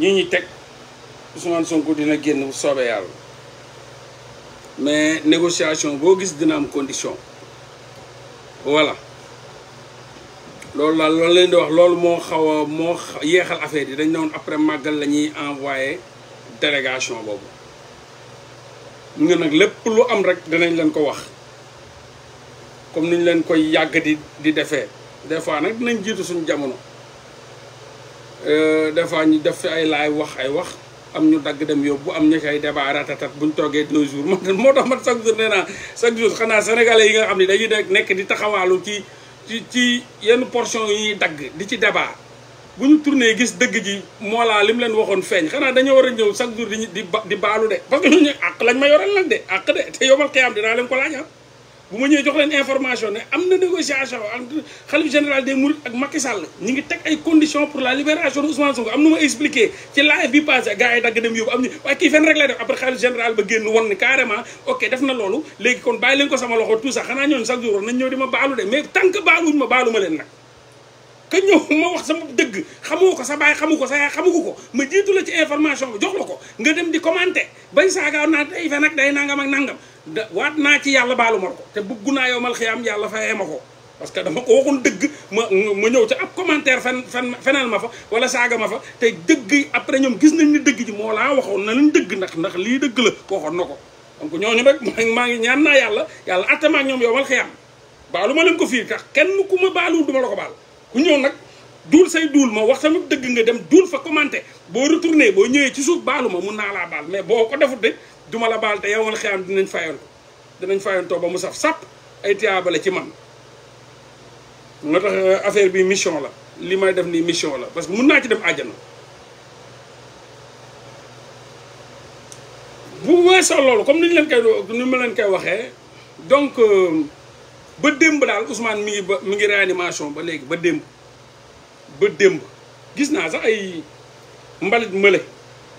ñu ñu teg Ousmane Sonko dina génn bu yàlla mais négociation boo gis dina am condition voilà loolu laa loolu leen di wax loolu moo xaw moo moo yeexal affaire yi dañ ne après màggal la ñuy envoyé délégation boobu mu ngi nag lépp lu am rek dinañ leen ko wax comme ni ñu leen koy yàgg di di defee des fois nag dinañ jiitu suñu jamono euh, des fois ñu def fi ay laay wax ay wax am ñu dagg dem yóbbu am ñu koy débat ratatat bu ñu toogee deux jours (laughs) moo tax man chaque jour nee naa chaque jour xanaa sénégalais yi nga xam ne dañuy nekk di taxawaalu ci ci ci yenn portion yi ñuy dagg di ci débat bu ñu tourné gis dëgg ji moolaa li mu leen waxoon feeñ xanaa dañoo war a ñëw chaque jour di di baalu de parce que ñu ñu lañ ma yoral lan de àq de te yomal xëy dinaa leen ko laaj ah. bu ma ñëwee jox leen information ne am na négociation am xalif général des Mourides ak Macky Sall ñi ngi teg ay condition pour la libération de Ousmane Sonko am na ma expliqué ci live bi passé gars yi dagg dem yóbbu am ñu waaye kii fenn rek lay après xalif général ba génn woon ni carrément ok def na loolu léegi kon bàyyi leen ko sama loxo tout ça xanaa ñooñu chaque jour woon nañ ñëw di ma baalu de mais tant que baaluñ ma baalu ma leen nag ka ñëw ma wax sama ko sa baay xamu ko sa xamu ko ma jiitu la ci information bi jox la ko nga dem di commenter bañ saaga naan ay fen ak nangam ak nangam da waat naa ci yàlla baalu ma ko te bëggu naa yow mal xiyaam yàlla fayee ma ko parce que dama ko waxul dëgg ma ma ñëw ci ab commentaire fen fen fenal ma fa wala saaga ma fa te dëgg après ñoom gis nañ ni dëgg ji moo laa waxoon na leen dëgg ndax ndax lii dëgg la waxoon na ko donc ñooñu rek maa ngi ñaan naa yàlla yàlla attama ak ñoom yow mal xiyaam baalu ma leen ko fii tax kenn ku ma baaluwul du ma la ko baal ku ñëw nag duul say duul ma wax tamit dëgg nga dem duul fa commenté boo retourné boo ñëwee ci suuf baalu ma mun naa laa baal mais boo ko defut de duma la baal te yowoon xeyam dinañ fayantu dinañ fayanto ba mu saf sàpp ay tiyaaba la ci man moo tax euh, affaire bi mission la li may def nii mission la parce que mun naa ci def àjjana bu weesoo loolu comme ni ñu leen koy ni ma leen koy waxee donc euh, ba démb daal Ousmane mi ngi ba mu ngi réanimation ba léegi ba démb ba démb gis naa sax ay mbalit mële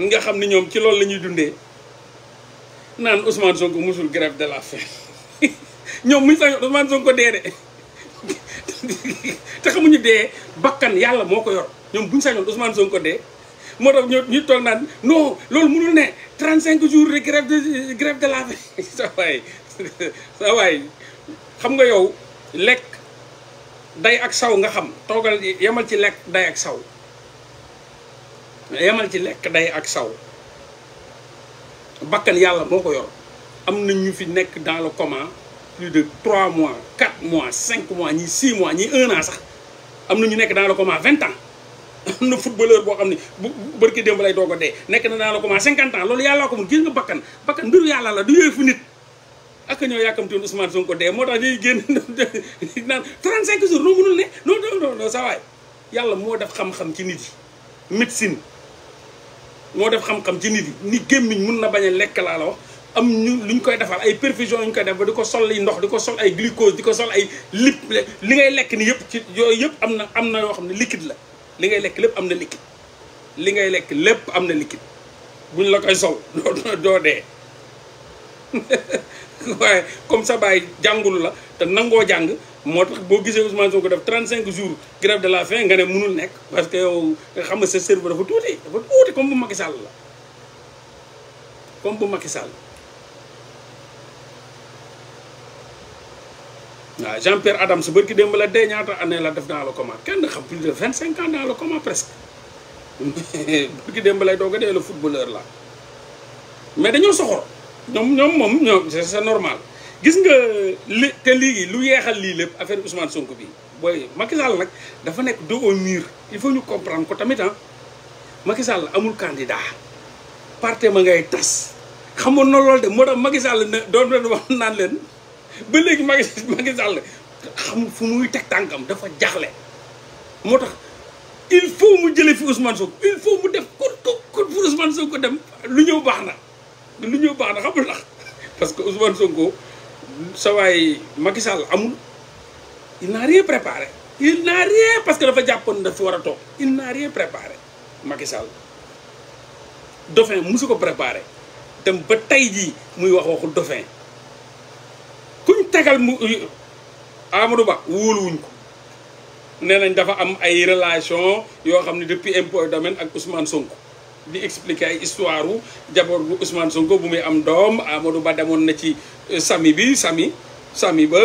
nga xam ni ñoom ci loolu la ñuy dundee naan Ousmane Sonko musul grève de la faim (laughs) ñoom muñ sax Ousmane Sonko dee de (laughs) te xamuñu dee bakkan yàlla moo ko yor ñoom buñ sañoon Ousmane Sonko dee moo tax ñu ñu toll naan non loolu mënul ne 35 jours de grève de grève de la faim (laughs) sa waay sa waay xam nga yow lekk day ak saw nga xam toogal yemal ci lekk day ak saw yemal ci lekk day ak saw bakkan yàlla moo ko yor am na ñu fi nekk dans le comment plus de 3 mois 4 mois 5 mois ñi 6 mois ñi 1 an sax am na ñu nekk daan le coma 20 ans am na footballeur boo xam ne bu barki démb lay doog a dee nekk na dans le coma 50 ans loolu yàllaa ko mun gis nga bakkan bakkan mbiru yàlla la du yooyu fu nit. ak ñoo yàkkamti woon Ousmane Sonko dee moo tax ñuy génn (laughs) naan 35 jours noo mënul ne non non saa waay yàlla moo def xam ci nit yi moo def xam-xam ci nit yi ni gémmiñ mun na bañ a lekk laa la wax am ñu lu ñu koy defal ay perfusion yu ñu koy def ba di ko sol ay ndox di ko sol ay glucose di ko sol ay lip li ngay lekk ni yëpp ci yooyu yëpp am na am na yoo xam ne liquide la li ngay lekk lépp am na liquide li ngay lekk lépp am na liquide buñ la koy sol (laughs) doo doo dee (laughs) waaye comme sa baay jàngul la te nangoo jàng motax bo gisé Ousmane Sonko def 35 jours grève de la faim ngane mënul nek parce que yow xam nga sa serveur dafa touti dafa touti comme bu Macky Sall la comme bu Macky Sall na Jean Pierre Adam Adams barki démb la dee ñaata année la def dans le coma kenn xam plus de 25 ans dans le coma presque (laughs) barki démb lay doga dé le footballeur la mais dañu soxor ñom ñom mom ñom c'est normal gis nga li te léegi lu yeexal li lepp affaire Ousmane Sonko bi boy Macky Sall nak dafa nek do au mur il faut ñu comprendre ko tamit han ah. Macky Sall amul candidat parté ma ngay tass xamoon na lol de mo do Macky Sall do do wax nan len ba léegi Macky Macky Sall xamul fu muy tek tankam dafa jaxlé motax il faut mu jëlé fi Ousmane Sonko il faut mu def ko ko kon fu Ousmane Sonko dem lu ñeu baxna lu ñeu baxna xamul tax parce que Ousmane Sonko sa waay Macky Sall amul il n'a rien préparé il n'a rien parce que dafa japon dafa war a toog il n'a rien préparé Macky Sall dauphin musu ko préparé tam ba tay ji muy wax waxu dauphin kuñ tegal mu euh, Amadou Ba wuñ ko nenañ dafa am ay relation yo xamni depuis import domaine ak Ousmane Sonko di expliquer ay histoire jaboor bu Ousmane Sonko bu muy am doom Amadou Ba demoon na ci euh, sami bi sami sami ba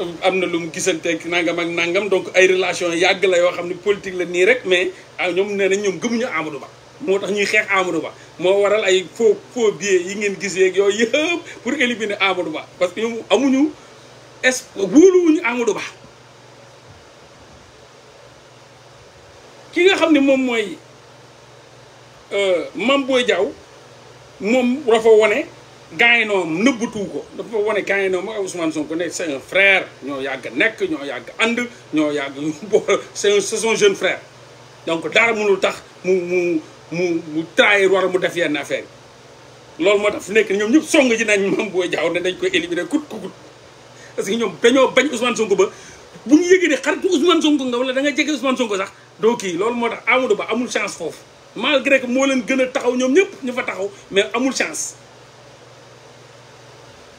euh, am na lu mu gisanteeg nangam ak nangam donc ay relation yàgg la yoo xam ni politique la nii rek mais ah, ñoom nee nañ ñoom gëmuñu Amadou Ba moo tax ñuy xeex Amadou Ba moo waral ay foo faux billets yi ngeen gis ak yooyu yëpp pour éliminer Amadou Ba parce que ñoom amuñu es wóoluwuñu Amadou Ba ki nga xam ni moom mooy Euh, mam booy Diaw moom dafa wone gaaynoom nëbbatu ko dafa wone gaaynoom ak Ousmane Sonko bu c'est un frère ñoo yàgg nekk ñoo yàgg ànd ñoo yàgg (laughs) bo c'est son jeune frère donc dara mënul tax mu mu mu mu trahir mu def yenn affaire yi loolu tax fu nekk ñoom ñëpp song ji nañ Mame Boye Diaw ne dañ koy éliminer kut parce que ñoom dañoo bañ Ousmane Sonko ba bu ñu yëgee ne xaritu nga wala da nga jege Ousmane Sonko sax doo kii loolu moo tax Ba amul chance foofu malgré que moo leen gën a taxaw ñoom ñëpp ñu fa taxaw mais amul chance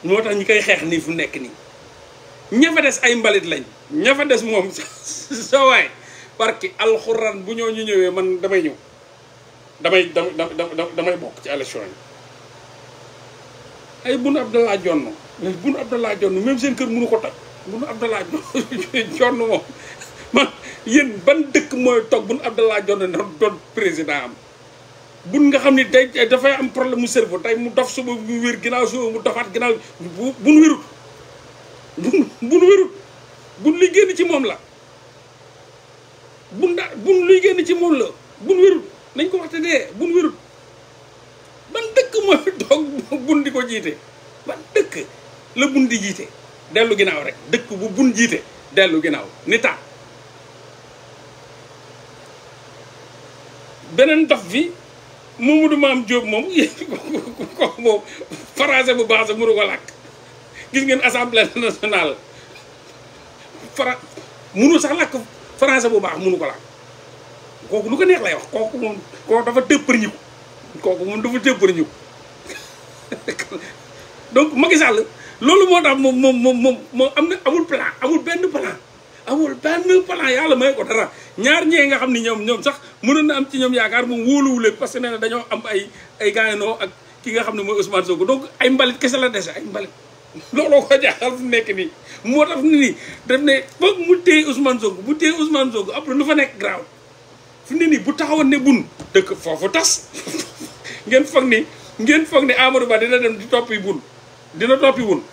moo tax ñi koy xeex nii fu nekk nii ña fa des ay mbalit lañ ña fa des moom (laughs) sa waay parce que alxuraan bu ñoo ñu ñëwee man damay ñëw damay damay bokk ci élection yi ay bunu Abdallah Jonn bunu Abdallah Jonn même seen kër mënu ko toj bunu Abdallah Jonn (laughs) moom man yéen ban dëkk mooy toog bun Abdallah Dionne doon président am bun nga xam ni day dafay am problème mu cerveau tey mu dof suba mu wér ginnaaw suba mu dofaat ginnaaw bun wérut bun bun wérut bun luy génn ci moom la bun da bun luy génn ci moom la bun wérut nañ ko waxte dee bun wérut ban dëkk mooy (laughs) toog bun di ko jiite ban dëkk la bun di jiite dellu ginaaw rek dëkk bu bun jiite dellu ginnaaw ni beneen dof bi Mamadou Maam Diop moom (laughs) kooku moom français bu baax sax mënu ko làkk gis ngeen assemblée nationale fara mënu sax làkk français bu baax mënu ko làkk kooku lu ko neex lay wax kooku moom dafa tëppër ñi ko kooku moom dafa tëppër ko (laughs) donc Macky Sall loolu moo tax moom moom moom moom am na amul plan amul benn plan amul benn plan yàlla may ko dara ñaar ñee nga xam ni ñoom ñoom sax mënoon na am ci ñoom yaakaar moom wóoluwu leen parce que nee na dañoo am ay ay gaañanoo ak ki nga xam ne mooy Ousmane Sonko donc ay mbalit kese la dese ay mbalit looloo ko jaaxal fu nekk nii moo tax ni daf ne mu téye Ousmane bu téye Ousmane Sonko après lu fa nekk garaaw fu ne nii bu taxawoon ne bun dëkk foofu tas (laughs) ngeen foog ni ngeen foog ni Amadou Ba dina dem di toppi bun dina toppi bun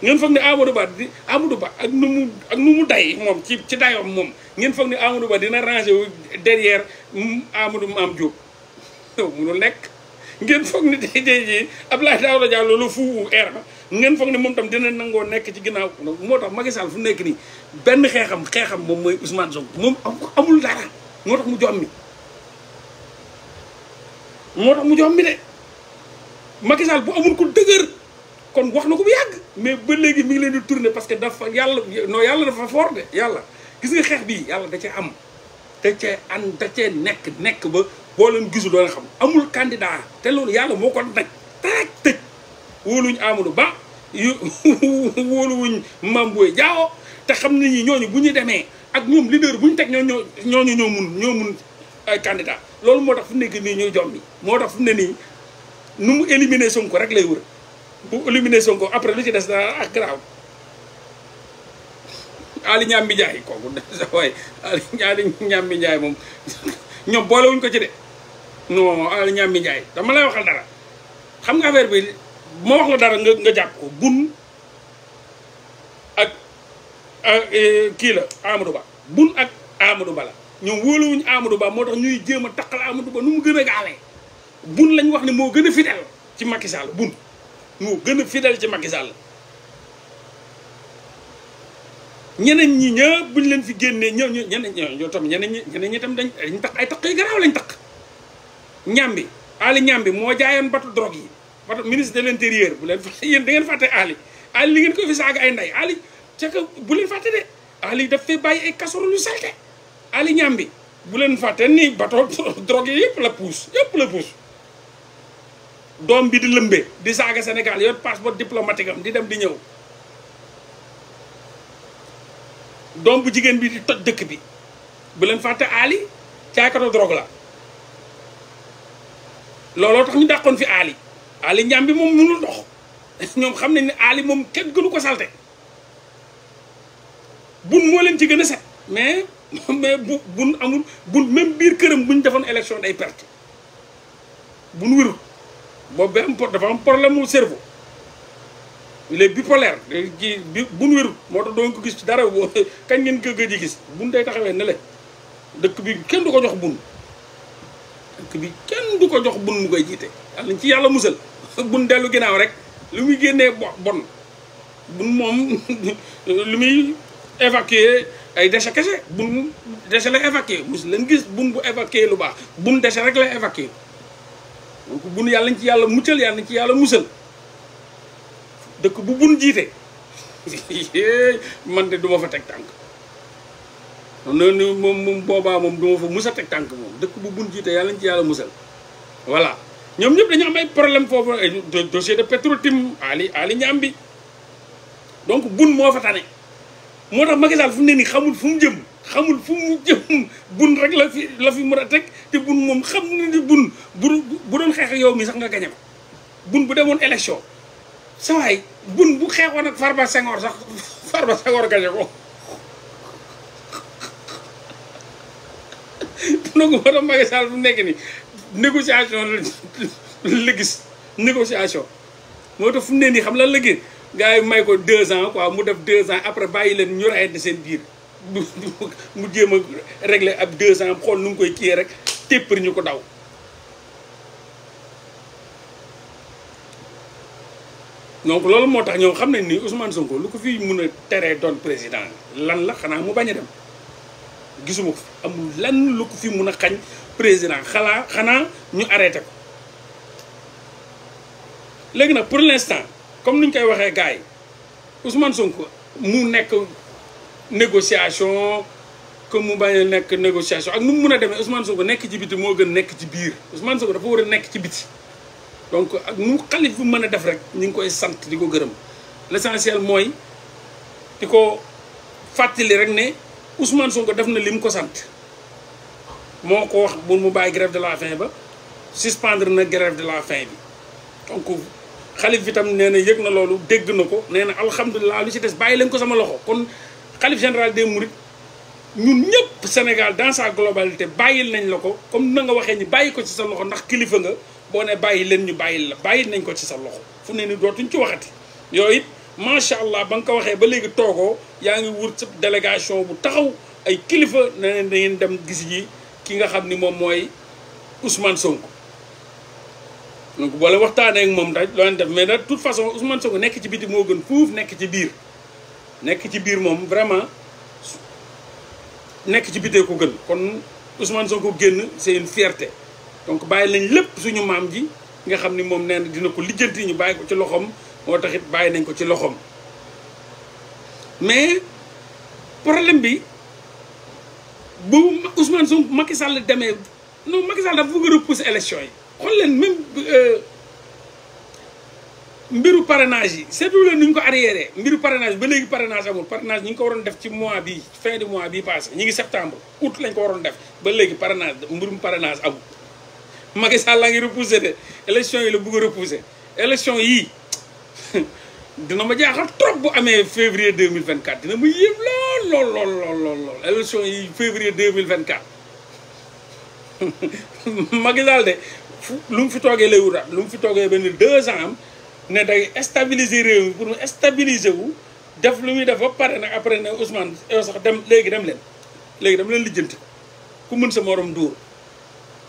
ngeen foog ne Amadou Ba di Amadou ak nu mu ak nu mu day moom ci ci dayoom moom ngeen foog ni Amadou Ba dina rangé wu derrière Amadou Mame Diop yow munul nekk ngeen foog ni tey jii jii Abdoulaye Daouda Diallo la fuuwu air ba ngeen foog ne moom tam dina nangoo nekk ci ginnaaw moo tax Macky Sall benn xeexam xeexam moom mooy Ousmane Sonko moom amul dara moo tax mu jommi moo tax mu jommi de Macky bu amul ko dëgër kon wax na ko bu yàgg mais ba léegi mi ngi leen di tourner parce que dafa yàlla non yàlla dafa fort de yàlla gis nga xeex bi yàlla da cee am da cee an da cee nekk nekk ba boo leen gisul doo leen xam amul kandidaa te loolu yàlla moo ko daj taaj tëj wóoluñ Amadou Ba (laughs) wóoluwuñ Mame Boye Diao te xam nañ ni ñooñu bu ñu demee ak ñoom leader bu ñu teg ñoo ñooñu ñoo mun ñoo mun ay candidat loolu moo tax fu nekk nii ñuy jombi moo tax fu ne nii nu mu éliminer Sonko rek lay wër bu éliminer Sonko après lu ci des na ak ah, garaaw Aly Ñambi Njaay kooku sa waay Aly Ñambi Njaay moom ñoom boolewuñ ko ci de non Aly Ñambi Njaay dama lay waxal dara xam nga affaire bi moo wax la dara nga jàpp ko bun ak eh, kii la Amadou Ba bun ak Amadou Ba la ñoom wóoluwuñu Amadou Ba moo tax ñuy jéem a taqal Amadou Ba nu mu gën a gaawee bun lañ wax ne moo gën a fidèle ci Macky Sall bun moo gën a fidèle ci Macky ñeneen ñi ñe buñ leen fi génné ñëw ñu ñeneen ñoo ñoo tam ñeneen ñi ñeneen ñi tam dañ dañ tak ay takk yu garaaw lañ tak ñambi ali ñambi mo jaayoon batu drogue yi batu ministre de l'intérieur bu leen fàtte yéen da ngeen faté ali ali li ngeen ko fi saaga ay nday ali ci que bu leen faté dé ali da fee baye ay casserole lu salte ali ñambi bu leen faté ni batu (laughs) drogue yi yëpp la pousse yëpp la pousse dom bi di lembé di saaga Sénégal yor passeport diplomatique am di dem di ñew doom bu jigéen bi di toj dëkk bi bu leen fàtte aali caaykatu drogue la looloo tax ñu dàqoon fi aali aali ñaam bi moom mënul dox (laughs) ñoom xam nañ ne aali moom kenn gënu ko salte bun moo leen ci gën set mais (laughs) mais bu bun amul bun même biir këram bu ñu defoon élection day perte bun wérul boobu am dafa am problème mu cerveau il est bipolaire kii bi buñ wérut moo tax doo ko gis ci dara woo (laughs) kañ ngeen ko gëj gis bun day taxawee ne le dëkk bi kenn du ko jox bun dëkk bi kenn du ko jox bun mu koy jiite yàlla nañ ci yàlla musal (laughs) bun dellu ginnaaw rek lu muy génnee bon bun moom (laughs) lu muy évacuer ay déchets kese bun déchet la évacuer mos leen gis bun bu évacuer lu baax bun déchet rek la évacuer donc bun yàlla nañ ci yàlla muccal yàlla nañ ci yàlla musal dekk bu bun jité man de duma fa tek tank noonu moom mom mom boba mom duma fa musa tek tank mom dekk bu bun jité yalla ñu ci yàlla musal voilà ñom ñep dañu am ay problème fofu dossier de Petro-Tim Ali Ali Ñambi donc bun mo fa tané motax magi dal fu ne ni xamul fu mu jëm xamul fu mu jëm bun rek la fi la fi mu a teg te bun mom xam na ni bun bu bu doon xex ak yow mi sax nga gañe ko bun bu demone élection sa waay bun bu xeexoon ak Farba Senghor sax (laughs) Farba Senghor gañe ko dina (laughs) ko war a Macky Sall bu nekk ni négociation la gis négociation moo tax fu mu ne nii xam lan la gis gars yi may ko deux ans quoi mu def deux ans après bàyyi leen ñu rayante seen biir (laughs) mu jéem a régler ab deux ans xool nu mu koy kii rek téppar ñu ko daw donc loolu moo tax ñëw xam nañ ni Ousmane Sonko lu ko fi mun a teree don président lan la xanaa mu bañ a dem gisuma ko fi amul lan lu ko fi mun a xañ président xalaa xanaa ñu arrêté ko léegi nag pour l'instant comme ni ñu koy waxee gars yi Ousmane Sonko mu nekk négociation que mu bañ a nekk négociation ak nu mu mun a demee Ousmane Sonko nekk ci biti moo gën nekk ci biir Ousmane Sonko dafa war a nekk ci biti donc ak nu xalif bu mën a def rek ñu ngi koy sant di ko gërëm l'essentiel mooy di ko fàttali rek ne Ousmane Sonko def na lim ko sant moo ko wax bu mu bàyyi grève de la faim ba suspendre na grève de la fin bi donc xalif bi tam nee na yëg na loolu dégg na ko nee na alhamdulilah lu ci des bàyyi lañ ko sama loxo kon xalif général des Mourides ñun ñëpp Sénégal dans sa globalité bàyyil nañ la ko comme na nga waxee ni bàyyi ko ci sa loxo ndax kilifa nga boo ne bàyyi leen ñu bàyyil la bàyyi nañ ko ci sa loxo fu ne ni dootuñ ci waxati yooyu it macha allah ba nga ko waxee ba léegi toogoo yaa ngi wut sa délégation bu taxaw ay kilifa na ne da ngeen dem gis yi ki nga xam ni moom mooy Ousmane Sonko donc boo leen waxtaanee moom daal loo leen def mais de tout façon Ousmane Sonko nekk ci biti moo gën fuuf nekk ci biir nekk ci biir moom vraiment nekk ci bitee ko gën kon Ousmane ko génn c'est une donc bàyyi lañ lépp suñu maam ji nga xam ni moom nee na dina ko lijjanti ñu bàyyi ko ci loxoom moo taxit bàyyi nañ ko ci loxoom mais problème bi bu Ousmane Sonko Macky sàll demee non Macky Sall dafa bëgg a repousser élection yi. xool leen même euh, mbiru parrainage yi seetlu leen ni ñu ko arriéré mbiru parrainage ba léegi parrainage amul parrainage ñu ngi ko waroon def ci mois bi fin du mois bi passé ñu ngi septembre août lañ ko waroon def ba léegi parenage mbirum parenage amul. Macky Sall laa ngi repoussé de élection yi la bëgg a repoussé élection yii dina ma jaaxal trop bu amee février 2024 mille vingt yéem dina lool lool lool lool lool élection yi février vingt (laughs) Macky Sall de lu mu fi toogee lay wutaat lu mu fi toogee benn deux ans am ne day stabiliser réew mi pour mu stabiliser wu def lu muy def ba pare nag après ne Ousmane yow sax dem léegi dem leen léegi dem lijjanti ku mën sa morom dóor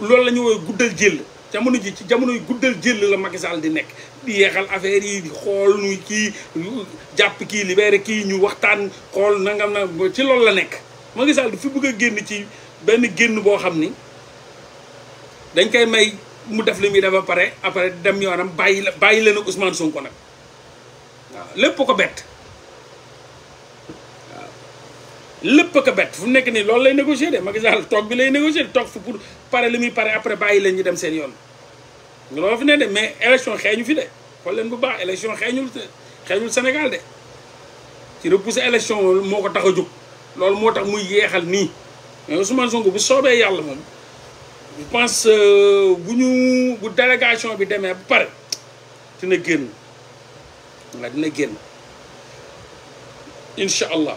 loolu la ñu woy guddal jël jamono ji ci jamono yu guddal jël la Macky Sall di nekk di yeexal affaire yi xool nu kii jàpp kii libéré kii ñu waxtaan xool nangam na ci loolu la nekk Macky Sall du fi bëgg a génn ci benn génn boo xam ni dañ koy may mu def li muy def ba pare après dem yoonam bàyyi la bàyyi leen ak Ousmane Sonko nag waaw lépp ko bett lépp a ko bett fu nekk nii loolu lay négocier de Macky Sall toog bi lay négocier de toog fi pour pare li muy pare après bàyyi leen ñu dem seen yoon. loolu fi ne de mais élection xeeñu fi de xool leen bu baax élection xeeñul xeeñul Sénégal de ci repousser élection moo ko tax a jóg loolu moo tax muy yeexal nii mais Ousmane bu soobee yàlla moom je pense euh, bu ñu bu délégation bi demee ba pare dina génn nga dina génn incha allah.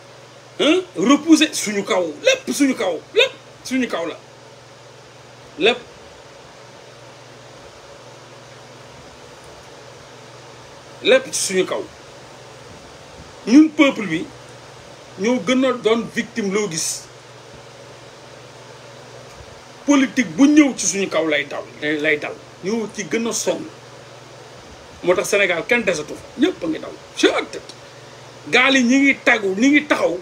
repousser suñu kaw lépp suñu kaw kaw la lépp lépp suñu kaw ñun peuple bi ñoo gën a doon victime loo gis politique bu ñëw ci suñu kaw lay dal lay dal ñëw ci gën a sonn moo tax Sénégal kenn desatu fa ñëpp a ngi daw ci gaal yi ñi ngi tagu ñi ngi taxaw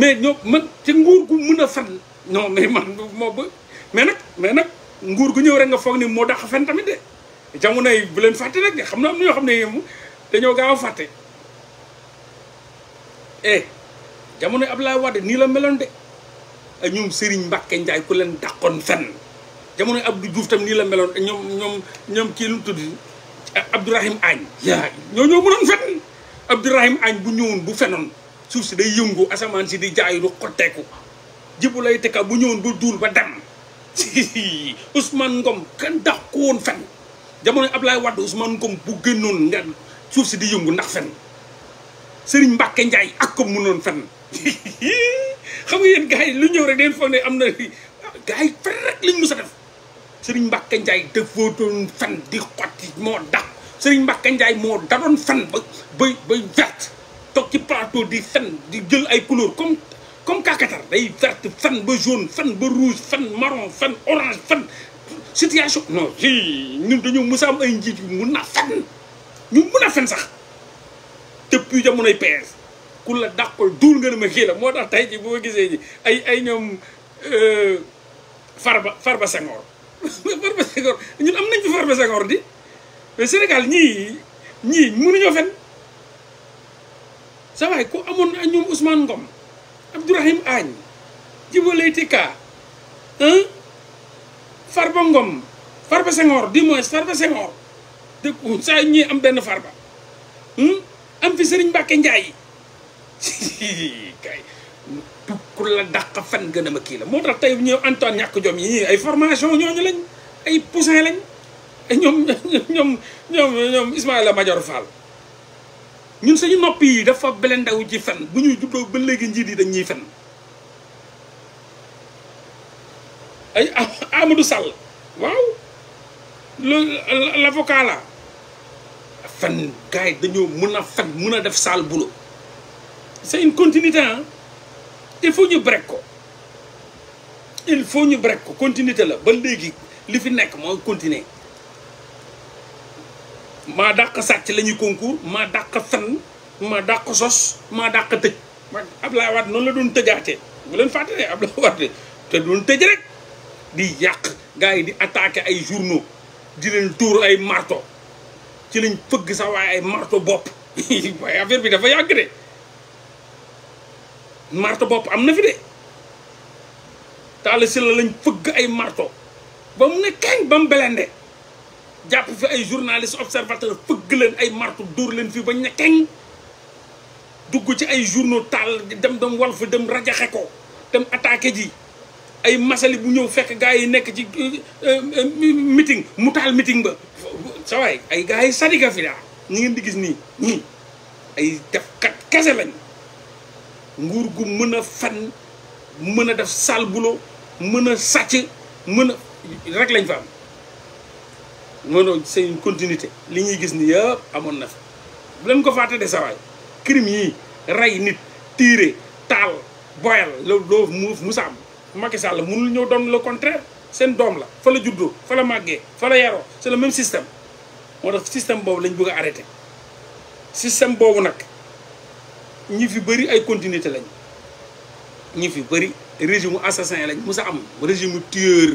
mais ñoo man te nguur gu mun a fen non mais man moo ba mais nag mais nag nguur gu ñëw rek nga foog ni moo dàq fen tamit de jamono yi bu leen fàtte nag xam na am na ñoo xam ne dañoo gaaw a fàtte eh jamono Abdoulaye Wade nii la meloon de ak ñoom Serigne Mbacke Ndiaye ku leen dàqoon fen jamono Abdou Diouf tam nii la meloon ñoom ñoom ñoom kii lu mu tudd Abdourahim Agne yaa ñoo ñoo mënoon fen Abdourahim Agne bu ñëwoon bu fenoon suuf si day yëngu asamaan si di jaay lu xotteeku jibu lay teka bu ñëwoon ba duul ba dem (laughs) Ousmane Ngom kenn dax ko woon fen ab Ablaye Wade Ousmane Ngom bu génnoon nga suuf si di yëngu ndax fen Serigne Mbacke Ndiaye ak ko mënoon fen (laughs) xam nga yéen gars lu ñëw rek dañu foog ne am na (laughs) gars yi fen rek liñ mus a def Serigne Mbacke Ndiaye dafa doon fen di xotti moo dax Serigne Mbacke Ndiaye moo da doon fen ba bay bay verte toog ci plateau di fen di jël ay couleur comme comme kakatar day verte fen ba jaune fen ba rouge fen marron fen orange fen situation non i ñun dañu musa am ay njiit yu mun na fen ñu mun a fen sax depuis jamonoy PS ku la dàqal duul nga ne ma kii la moo tax tey ji bu ma gisee ji ay ay ñoom euh, Farba Farba far (laughs) Farba Senghor ñun am nañ fi Farba Senghor di mais Sénégal ñii ñii mënuñoo fen sa ko ku amoon ak ñoom Ousmane Ngom Abdourahim Agne tika hein Farba Ngom Farba Senghor di moins Farba Senghor dëgg sa ñi am ben Farba am fi Serigne Mbacke ndjay (laughs) kay ku la dakk fan gëna ma ki la mo tax tay ñew Antoine ñak jom yi ay formation ñoñu lañ ay poussin lañ ñom (laughs) ñom ñom ñom Ismaïla major Fall ñun suñu nopp yi dafa belendaw ji fen bu ñuy juddoo ba léegi njiit yi dañuy fen ay Amadou sal waaw l'avocat la fen gars yi dañoo mën a fen mën a def sale boulot c'est une continuité ah il faut ñu break ko il faut ñu break ko continuité la ba léegi li fi nekk mooy continuer maa dàq sàcc lañuy ñuy concours maa dàq fen maa dàq sos maa dàq tëj man Abdoulaye Wade noonu la doon tëjaatee bu leen fàtte ne Abdoulaye Wade te doon tëj rek di yàq gars yi di attaqué ay journaux di leen tuur ay marto ci lañ fëgg sax (laughs) waaye ay marto bopp waaye bi dafa yàgg de am na fi de taal si la lañ fëgg ay marto ba mu ne kañ ba mu belende jàpp fi ay journaliste observateur fëgg leen ay martu dóor leen fii ba ñekkeng dugg ci ay journaux taal dem dem wal fi dem rajaxe dem attaqué ji ay masali bu ñëw fekk gars yi nekk ci euh, euh, meeting mu taal meeting ba sa ay gars yi sadiga fi daa ñi ngeen di gis nii ay defkat kese lañ nguur gu mën a fen mën a def sale boulot mën a sàcc mën a rek lañ fa am mënoo c'est une continuité li ñuy gis ni yëpp amoon na fi bu leen ko fàtte de sawaay crime yi ray nit tiire taal boyal la loo muuf musaam Macky Sall mënul ñëw doon le contraire seen doom la fa la juddoo fa la màggee fa la yaroo c'est le même système moo tax système boobu lañ bëgg a arrêté système boobu nag ñi fi bëri ay continuité lañ ñi fi bëri régime assassin mu sa am régime tueur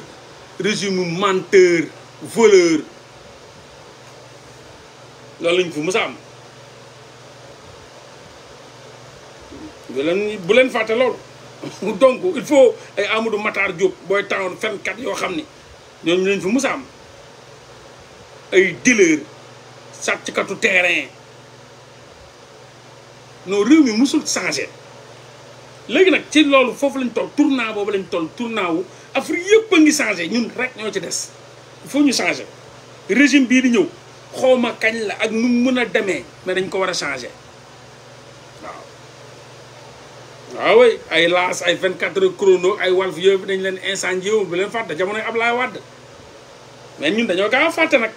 régime menteur voleur loolu lañ fi mës a am bu leen bu leen fàtte loolu (laughs) donc il faut ay Amadou Matar Diop booy tawoon fenkat yoo xam ni ñooñu lañ fi mës a am ay dealer sàcckatu terrain non réew mi musul changé léegi nag ci loolu foofu lañ toll tournant boobu lañ toll tournant wu Afrique yëpp a ngi changé ñun rek ñoo ci des foo ñu changé régime bii di ñëw xawma kañ la ak nu mun a demee mais dañ ko war a changer waaw waaw ay laas ay 24 heures chrono ay walf yooyu dañ leen incendié wu bu leen fàtte jamonoy Ablaye Wade mais ñun dañoo gaaw a fàtte nag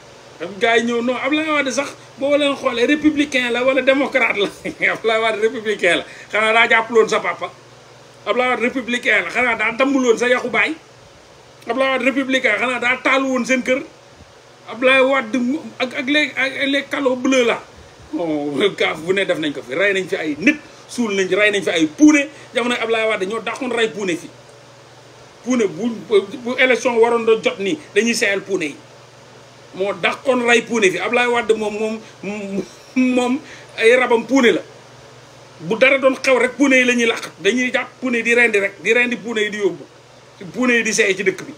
gars yi ñëw non Ablaye Wade sax boo leen xoolee républicain la wala démocrate la (laughs) Ablaye Wade républicain la xanaa daa jàppaloon sa papa Ablaye Wade républicain la xanaa daa dammuloon sa yaxu baay Ablaye Wade xanaa daa taalu woon seen kër Ablaye Wade ak ak les ak les calots bleus là bon gaaf bu ne def nañ ko fi rey nañ fi ay nit suul nañ rey nañ fi ay puune jamono ab Ablaye Wade ñoo daxoon rey puune fi puune bu bu waroon do jot nii dañuy seeyal puune yi moo dàqoon rey puune fi Ablaye Wade moom moom moom ay rabam puune la bu dara doon xew rek puune yi la ñuy làqat dañuy jàpp puune di rendi rek di rendi puune yi di yóbbu puune yi di seey ci dëkk bi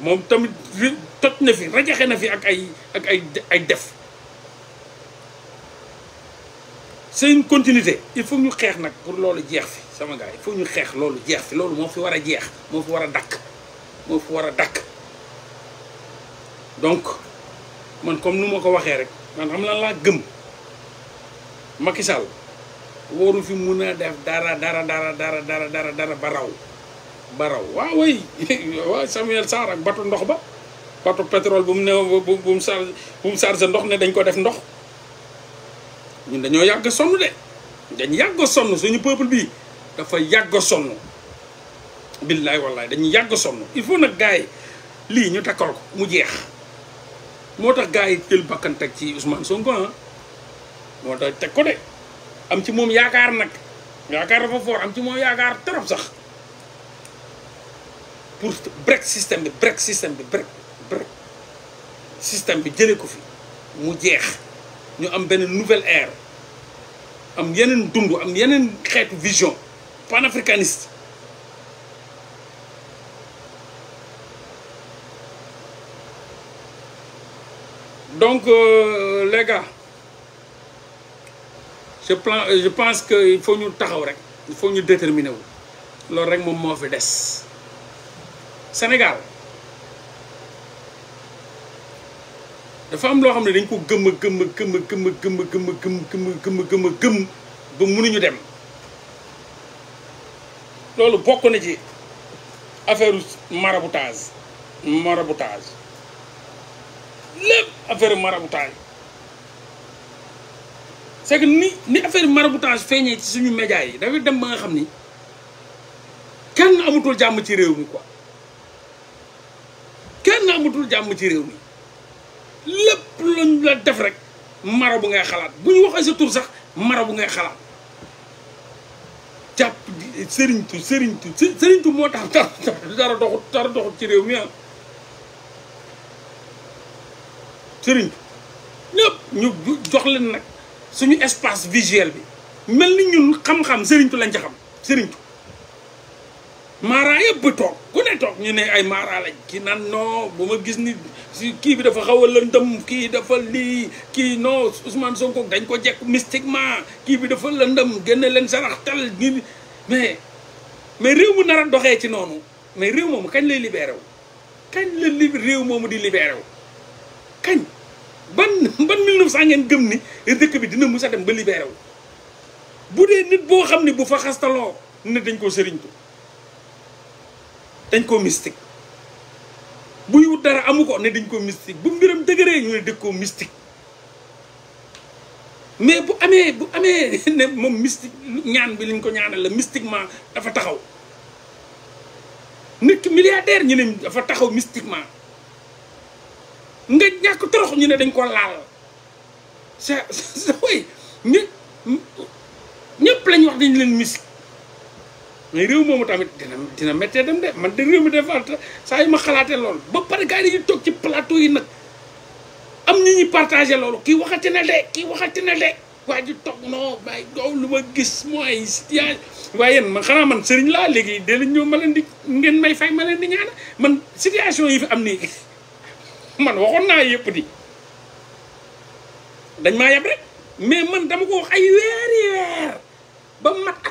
mom tamit toj na fi rajaxe na fi ak ay ak ay ay def c'est une continuité il faut ñu xex nak pour lolu jeex fi sama gars il faut ñu xex lolu jeex fi lolu moo fi war jeex moo fi war a dakk moo fi war a donc man comme nu ma ko waxee rek man xam lan la gëm Macky Sall waru fi mëna def dara dara dara dara dara dara dara ba raw ba waaw way (laughs) waaw Samuel Sarr ak batu ndox ba batu pétrole bu mu ne bu mu charge bu mu charge ndox ne dañ ko def ndox ñun dañoo yàgg sonn de dañ yàgg sonn suñu peuple bi dafa yàgg sonn billaay wallaay dañu yàgg sonn il faut nag gaa yi lii ñu takkal ko mu jeex moo tax gaa yi jël bakkan teg ci Ousmane Sonko ah moo tax teg ko de am ci moom yaakaar nag yaakaar dafa foor am ci moom yaakaar trop sax pour break système bi break système bi break break système bi jëlee ko fi mu jeex ñu am benn nouvelle ère am yeneen dund am yeneen xeetu vision panafricaniste donc euh, les gars je plan je pense que il faut ñu taxaw rek il faut ñu déterminer wu loolu rek moom moo fi des Sénégal dafa am loo xam ne dañ ko gëm a gëm a gëm a gëm a gëm a gëm a gëm a gëm a gëm ba mënuñu dem loolu bokk na ci affaire maraboutage maraboutage lépp affaire maraboutage c'est que ni ni affaire maraboutage feeñee ci suñu médias yi dafay dem ba nga xam ni kenn amatul jàmm ci réew mi quoi kenn amatul jàmm ci réew mi la def rek mara bu ngay xalaat bu ñu waxee sa tur sax mara bu ngay xalaat jàpp sëriñtu sëriñtu sëriñtu moo tax dara doxut dara doxut ci réew mi ah sëriñtu ñëpp ñu jox leen nag suñu espace visuel bi mel ni ñun xam-xam sëriñtu lañ ca xam sëriñtu maara yëpp toog ku ne toog ñu ne ay maara lañ kii naan non bu ma gis ni kii bi dafa xaw a lëndëm kii dafa lii kii non Ousmane Sonko dañ ko jekk mystiquement kii bi dafa lëndëm génne leen sarax tal mais mais réew mu nar a doxee ci noonu mais réew moomu kañ lay libéré wu kañ la li réew moomu di libéré kañ ban ban 1900 ngeen gëm ni dëkk bi dina mus a dem ba libéré bu dee nit boo xam ne bu fa xastaloo ne dañ ko sëriñtu dañ koo mystique buy wut dara amu ko ne dañ koo mystique bu mbiram dëgëree ñu ne dañ koo mais bu amee bu amee (laughs) ne moom mystique ñaan bi liñ ko ñaanal la mystiquement dafa taxaw nit ki milliardaire ñu ne dafa taxaw mystiquement nga ñàkk torox ñu ne dañ ko laal sa sa way lañ wax dañ leen mystique ngay rew momu tamit dina dina metté dem dé man de rew mi défa saa yu ma xalaté lool ba paré gaay yi tok ci plateau yi nak am ñi ñi partager lool ki waxati na dé ki waxati na dé waji tok no bay waaye lu ma gis moy situation wayen man xanaa man sëriñ la légui dé la ñu ma di ngeen may fay ma di ñaan man situation yi fi am ni (laughs) man waxon na yépp di dañ ma yab rek mais man dama ko wax ay yi weer ba mat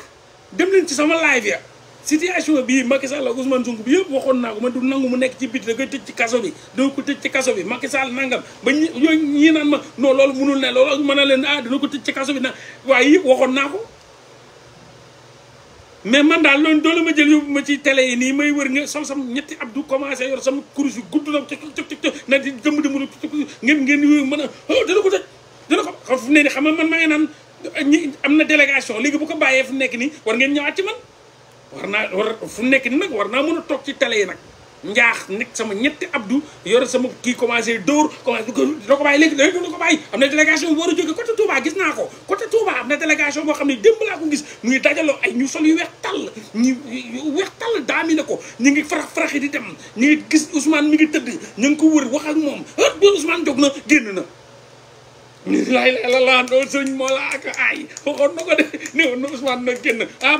dem leen ci sama live ya situation bii Macky Sall ak Ousmane Sonko bi yëpp waxoon naa ko man du nangu mu nekk ci biti da koy tëj ci kaso bi doo ko tëj ci kaso bi Macky Sall nangam ba ñu yooyu ñii ma non loolu munul ne loolu mën na leen ah dina ko tëj ci kaso bi nag waaye yëpp waxoon naa ko. mais man daal loolu doole ma jël yóbbu ma ci télé yi nii may wër nga sol sam ñetti abdu commencé yor sama kurus yu gudd na cëk cëk cëk na di dëmb dëmb ngeen ngeen mën a oh, dina ko tëj dina ko xam ne xam nga man ma ngi naan. ñi am na délégation léegi bu ko bàyyee fu nekk nii war ngeen ñëwaat ci man war naa war fu nekk nii nag war naa mën a toog ci télé yi nag njaax nekk sama ñetti abdu yore sama kii commencé dóor commencé dina ko bàyyi léegi léegi dina ko bàyyi am na délégation bu war a jóge côté Touba gis naa ko côté Touba am na délégation boo xam ne démb laa ko gis muy dajaloo ay ñu sol yu weex tàll ñu weex tàll daami ne ko ñu ngi farax faraxi di dem ñu ngi gis Ousmane mi ngi tëdd ñu ngi ko wër wax ak moom ah bi Ousmane jóg na génn na laa ak ay na ko de néew nu Ousmane na ah,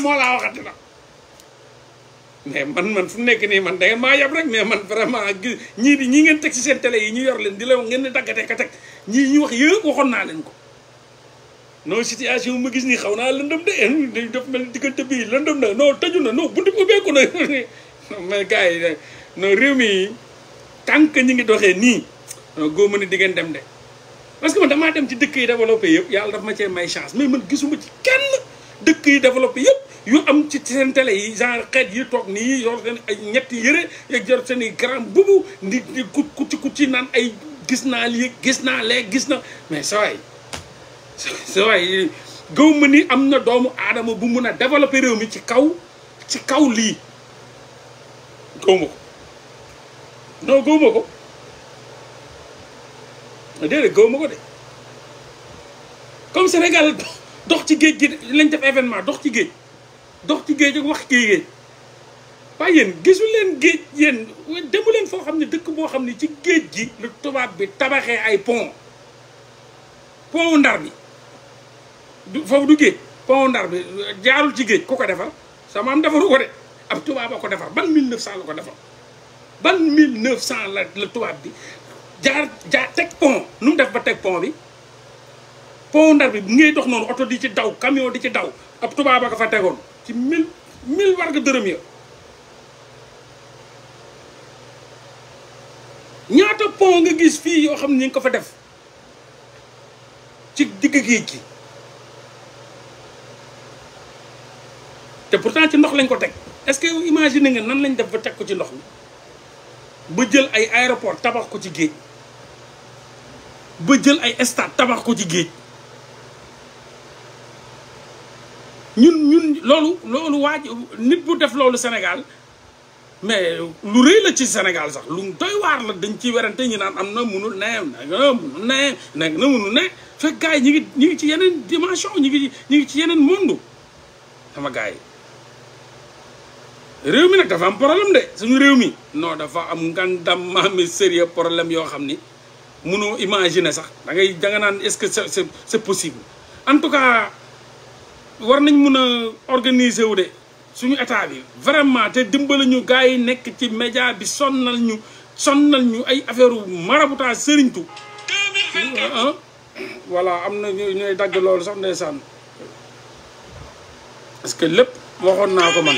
man man fu nekk nii man da ngeen maa yab rek man vraiment gi ñii di ñii ngeen teg ci seen télé yi ñu yor leen di ngeen di daggatee ka teg ñii ñu wax yëpp waxoon naa leen ko non situation ma gis nii xaw naa lëndëm de (laughs) dañ def mel ni diggante bii lëndëm na non tëju na non buntu bi ubbeeku na (laughs) mais gars yi réew mi tant que ñi ngi doxee nii non góob ma ni di ngeen dem de parce que man damaa dem ci dëkk yi développé yëpp yàlla daf ma cee may chance mais man gisuma ci kenn dëkk yi développé yëpp yu am ci seen télé yi genre xeet yi toog nii yor seen ay ñetti yëre ak yor seen i grand bubu ndi di ku kucci kucci ay gis naa lii gis naa lee gis na mais sawaay sawaay gëw ma ni am na doomu aadama bu mun a développé réew mi ci kaw ci kaw lii gëw ma ko non gëw ma ko déedéet gëw ma ko de comme Sénégal dox ci géej gi lañ def événement dox ci géej dox ci géej ak wax kii géej waaye yéen gisu leen géej yéen demu leen foo xam ne dëkk boo xam ne ci géej gi lu tubaab bi tabaxee ay pont pont ndar bi du foofu du géej pont ndar bi jaarul ci géej ku ko defar sama am defaru ko de ab tubaab a ko defar ban 1900 la ko defar ban 1900 la la tubaab bi jaar jaar teg pont nu mu def ba teg pont bi pont ndar bi ngay dox noonu oto di ci daw camion di ci daw ab tubaab a fa tegoon ci mil mille mille warga dërëm ya ñaata pont nga gis fii yoo xam ne ñu ngi ko fa def ci digg géej gi te pourtant ci ndox lañ ko teg est-ce que imagine nga nan lañ def ba teg ko ci ndox mi ba jël ay aéroport tabax ko ci géej ba jël ay stade tabax ko ci géej ñun ñun loolu loolu waaj nit bu def loolu Sénégal mais lu rëy la ci Sénégal sax lu doy waar la dañ ciy werante ñu naan am na munul ne na munul ne munul ne fekk gars yi ñu ngi ñu ngi ci yeneen dimension ñu ngi ñu ngi ci yeneen monde sama gars yi réew mi nag dafa am problème de suñu réew mi non dafa am ngandam (laughs) ma sérieux problème yoo xam ni mënoo imaginer sax da ngay da naan est-ce que c'est c'est possible en tout cas war nañ mun a organiser wu de suñu état bi vraiment te dimbali ñu gars yi nekk ci média bi sonnal ñu sonnal ñu ay affaire maraboutage sëriñtu ah, ah. voilà am na ñuy dagg loolu sax ndeysaan parce que lépp waxoon naa ko man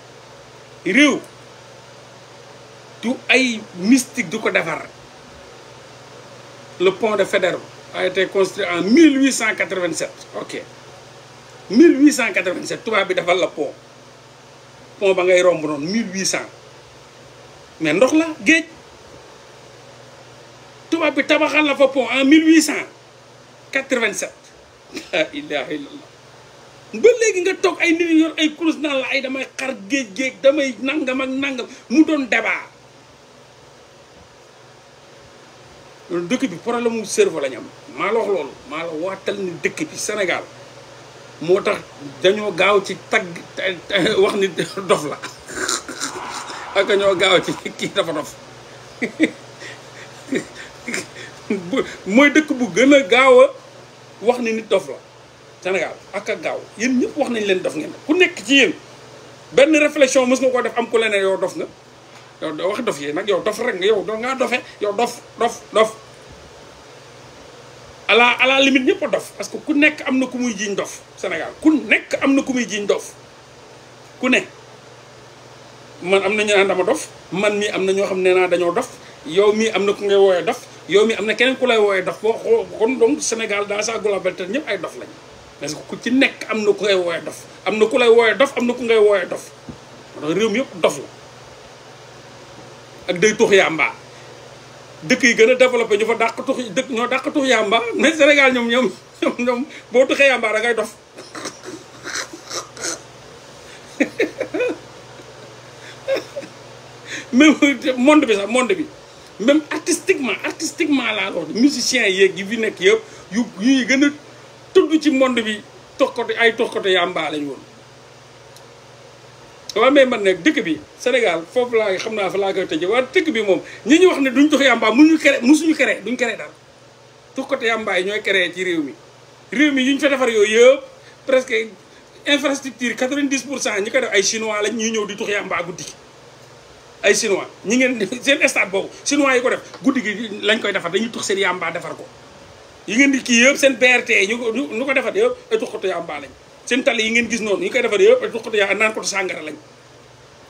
Rio, tout ay mystique de le pont de Federon a été construit en 1887 ok 1887 tubaab bi defal le pont pont ba ngay romb 1800 mais ndox la géej tubaab bi tabaxal la fa pont en 1887 (laughs) la ilaha ba léegi nga toog ay nit yor ay kurus na la ay damay xar géej géej damay nangam ak nangam mu doon débat loolu dëkk bi problème mu cerveau la ñu am la wax loolu maa la waatal ni dëkk bi Sénégal moo tax dañoo gaaw ci tagg wax ni dof la ak ñoo gaaw ci kii dafa dof (laughs) mooy dëkk bu gën a wax ni nit dof la Sénégal ak ak gaaw yéen ñëpp wax nañ leen dof ngeen ku nekk ci yéen benn réflexion mës nga koo def am ku leneen yow dof nga yow wax dof yi nag yow dof rek nga yow do dofe yow dof dof dof à la à ñëpp a dof parce que ku nekk am na ku muy jiiñ dof Sénégal ku nekk am na ku muy jiiñ dof ku ne man am na ñu naan dama dof man mii am na ñoo xam ne naa dañoo dof yow mii am na ku ngay wooyee dof yow mii am na keneen ku lay wooyee dof boo kon donc Sénégal daal sa globalité ñëpp ay dof lañ parce que ku ci nekk am na ku ngay wooye dof am na ku lay wooye dof am na ku ngay wooye dof ndax réew mi yëpp dof la ak day tux yàmba dëkk yi gën a développé ñu fa dàq tux dëkk ñoo dàq tux yàmba mais Sénégal ñoom ñoom ñoom ñoom boo tuxee yàmba da ngay dof (laughs) même monde bi sax monde bi même artistiquement artistiquement laa wax musiciens yeeg yi fi nekk yëpp yu yuy gën tudd ci monde bi toxkatu ay toxkatu yàmbaa lañu woon waaw mais man nag dëkk bi Sénégal foofu laa xam naa fa laa koy tëjee waaye dëkk bi moom ñi ñu wax ne duñ tox yàmbaa mënuñu kere mësuñu kere duñ kere daal toxkatu yàmbaa yi ñooy kere ci réew mi réew mi yu ñu fa defar yooyu yëpp presque infrastructure 90 pour cent ñi ko def ay chinois lañ ñuy ñëw di tux yàmbaa guddi ay chinois ñi ngeen seen stade boobu chinois yi ko def guddi gi lañ koy defar dañuy tux seen yàmbaa defar ko ingin ngeen di ki yëpp sen BRT ñu ko ñu ko yang yëpp ay tali ingin ngeen gis non ñu koy defar yëpp ay tuxkatu yaa naan ko sàngara lañ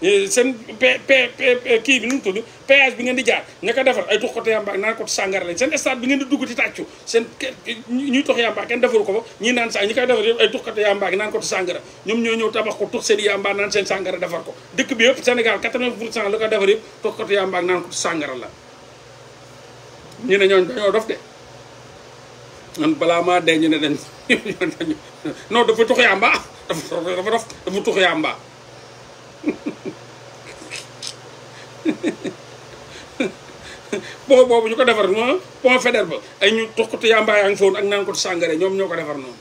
eh, seen p kii bi nu mu tudd bi ngeen di jaar ña ko defar ay tuxkatu yaa mbaa naan ko sàngara lañ seen stade bi ngeen di dugg di tàccu sen ñuy tox yaa mbaa kenn defaru ko fa ñii sa ñi koy defar yëpp ay tuxkatu yaa mbaa naan ko sàngara ñoom ñoo ñëw tabax ko tux seen yaa mbaa naan seen sàngara defar ko dëkk bi yëpp Sénégal 80 pour ko man balaa maa dee ñu ne dañ non dafa tux yàmba dafa dafa dof dafa tux yàmba boo boobu ñu ko defar ma pont feder ba ay ñu tuxkutu yàmba yaa ngi foon ak naan ko sàngare ñoom ñoo ko defar noonu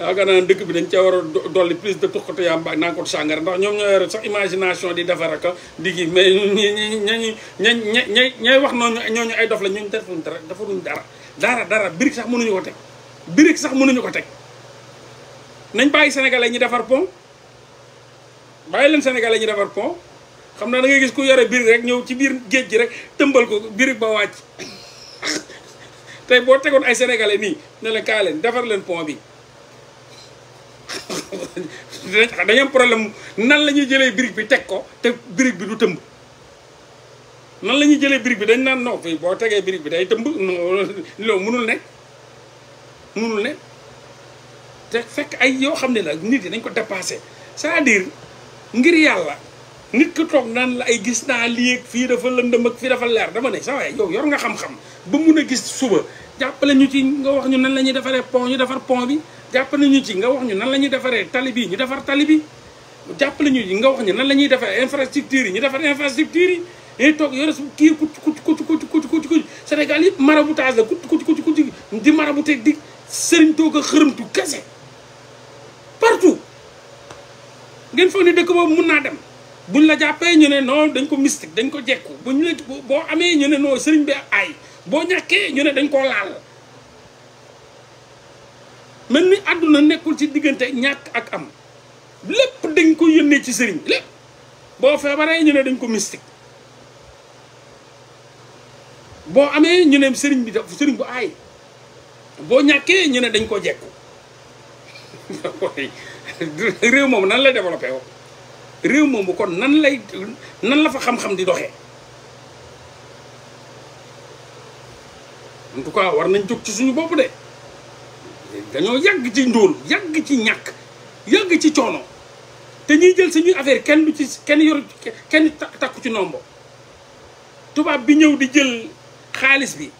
yaakaar naa dëkk bi dañ ca war a dolli prise de tuxkutu yàmba ak naan ko sàngare ndax ñoom ñoo yore sax imagination di defar ak di gi mais ñi ñi ñi ñi ñay wax noonu ñooñu ay dof la ñuñ defuñ dara defaruñ dara dara dara birig sax mënuñu ko teg brique sax mënuñu ko teg nañ bàyyi sénégalais ñi defar pont bàyyi leen sénégalais ñi defar pont xam naa da gis ku yore brique rek ñëw ci biir géej gi rek tëmbal ko brique ba wàcc (laughs) tey boo tegoon ay sénégalais nii ne leen kaa leen defar leen pont bi (laughs) dañu am problème nan la ñuy jëlee brique bi teg ko te brique bi du tëmb nan lañu jëlé jëlee brique bi dañ nan no fi bo tégué brique bi day tëmb lo mënul nekk mënul nekk té fekk ay yo xamné la nit yi dañ ko dépasser c'est-à-dire ngir yalla nit ku tok nan la ay gis na li ak fi dafa lëndëm ak fi dafa leer dama né sa yow yor nga xam-xam ba mëna gis suba japp lañu ci nga wax ñu nan lañu défaré pont ñu défar pont bi japp nañu ci nga wax ñu nan lañu défaré tali bi ñu défar tali bi japp lañu ci nga wax ñu nan la ñuy infrastructure yi ñu défar infrastructure yi dañuy toog yore su kii kucc kucc kucc kucc kucc kucc Sénégal yëpp maraboutage la kucc kucc kucc kucc di marabouté di sëriñ toog a xërëmtu kese partout ngeen foog ne dëkk boobu mun naa dem buñ la jàppee ñu ne non dañ ko mystique dañ ko jekku buñ la boo amee ñu ne non sëriñ bi ay boo ñàkkee ñu ne dañ ko laal mel ni àdduna nekkul ci diggante ñàkk ak am lépp dañ ko yónnee ci sëriñ lépp boo feebaree ñu ne dañ ko mystique boo amee ñu ne sëriñ bi dafa sëriñ bu aay boo ñàkkee ñu ne dañ koo jekku (laughs) réew moom nan lay développé woo réew moomu kon nan lay nan la fa xam-xam di doxe en tout cas war nañ jóg ci suñu bopp de dañoo yàgg ci ndóol yàgg ci ñàkk yàgg ci coono te ñuy jël suñuy affaire kenn du ci kenn yoru kenn takku ci nombo tubaab bi ñëw di jël xaalis bi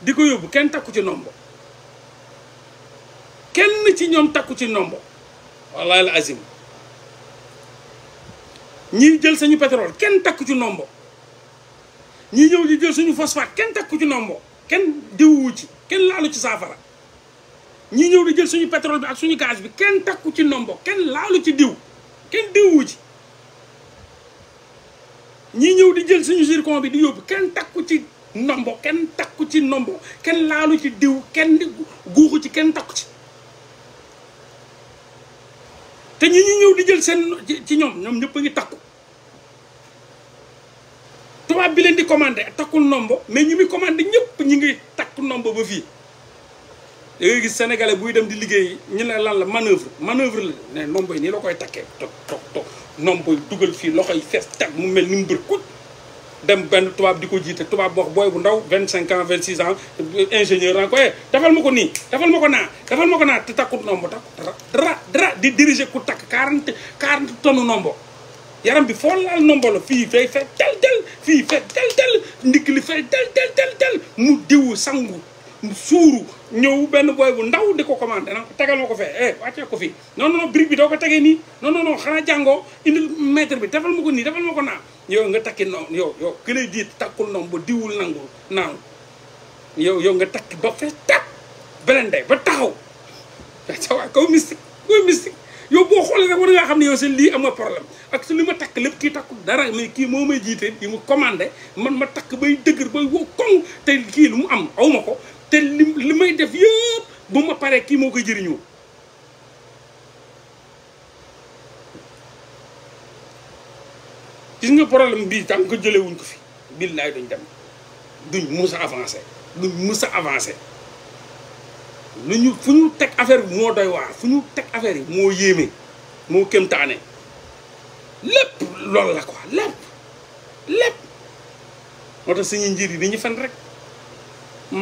di ko yóbbu kenn takku ci nombo kenn ci ñoom takku ci nombo wallahi la azim ñiy jël sañu pétrole kenn takku ci nombo ñi ñëw di jël suñu phosphate kenn takku ci nombo kenn diwwu ci kenn laalu ci saafara ñi ñëw di jël suñu pétrole bi ak suñu gaz bi kenn takku ci nombo kenn laalu ci diw kenn diwwu ci ñi ñëw di jël suñu zircon bi di yóbbu kenn takku ci ndombo kenn takku ci nombo kenn laalu ci diw kenn guuxu ci kenn takku ci te ñi ñu ñëw di jël seen ci ñoom ñoom ñëpp a ngi takku tubaab bi leen di commander takkul nombo mais ñu muy commandé ñépp ñi ngi takku ndombo ba fii da ngay buy dem di liggéey ñu ne lan la manoeuvre manoeuvre la ne ndombo yi la koy takkee toog toog dugal fii loxo yi fees tag mu mel ni mbër kuc dem benn tubaab di ko jiite tubaab boo booy bu ndaw 25 ans 26 ans ingénieur naa ko eh defal ma ko nii defal ma ko naa defal ma ko naa te takkut nombo takku dara dara dara di diriger ku takk 40 40 tonnes nombo yaram bi foo laal nombo la fii fay tel tel fii fay tel tel ndigg li fay tel tel tel tel mu diwu sangu suuru ñëw benn booy bu ndaw di ko commandé naan ko tegal ma ko fee eh wàccee ko fi non non brique bi doo ko tegee nii non non non xanaa bi defal ma ko nii defal ma ko naa yow nga takki noom yow yow ki lay diit takkul noom ba diwul nangul naaw yow yow nga takki ba fees tàkk beneen day ba taxaw sa waay kaw mystique koy mystique yow boo xool rek war ngaa xam ne yow seen lii am nga problème ak su li ma takk lépp kii takkul dara mais kii moo may jiitee yi mu commandé man ma takk bay dëgër bay wow koŋ te kii lu mu am aw ma ko te li li may def yëpp bu ma paree kii moo koy jëriñoo gis nga problème bii tam que jëlee wuñ ko fi billaay duñ dem duñ mus a avancé duñ mus avancé lu ñu fu ñu teg affaire bi moo doy waar fu ñu teg affaire yi moo yéeme moo kémtaane lépp loolu la quoi lépp lépp moo tax suñu njiit yi dañuy fen rek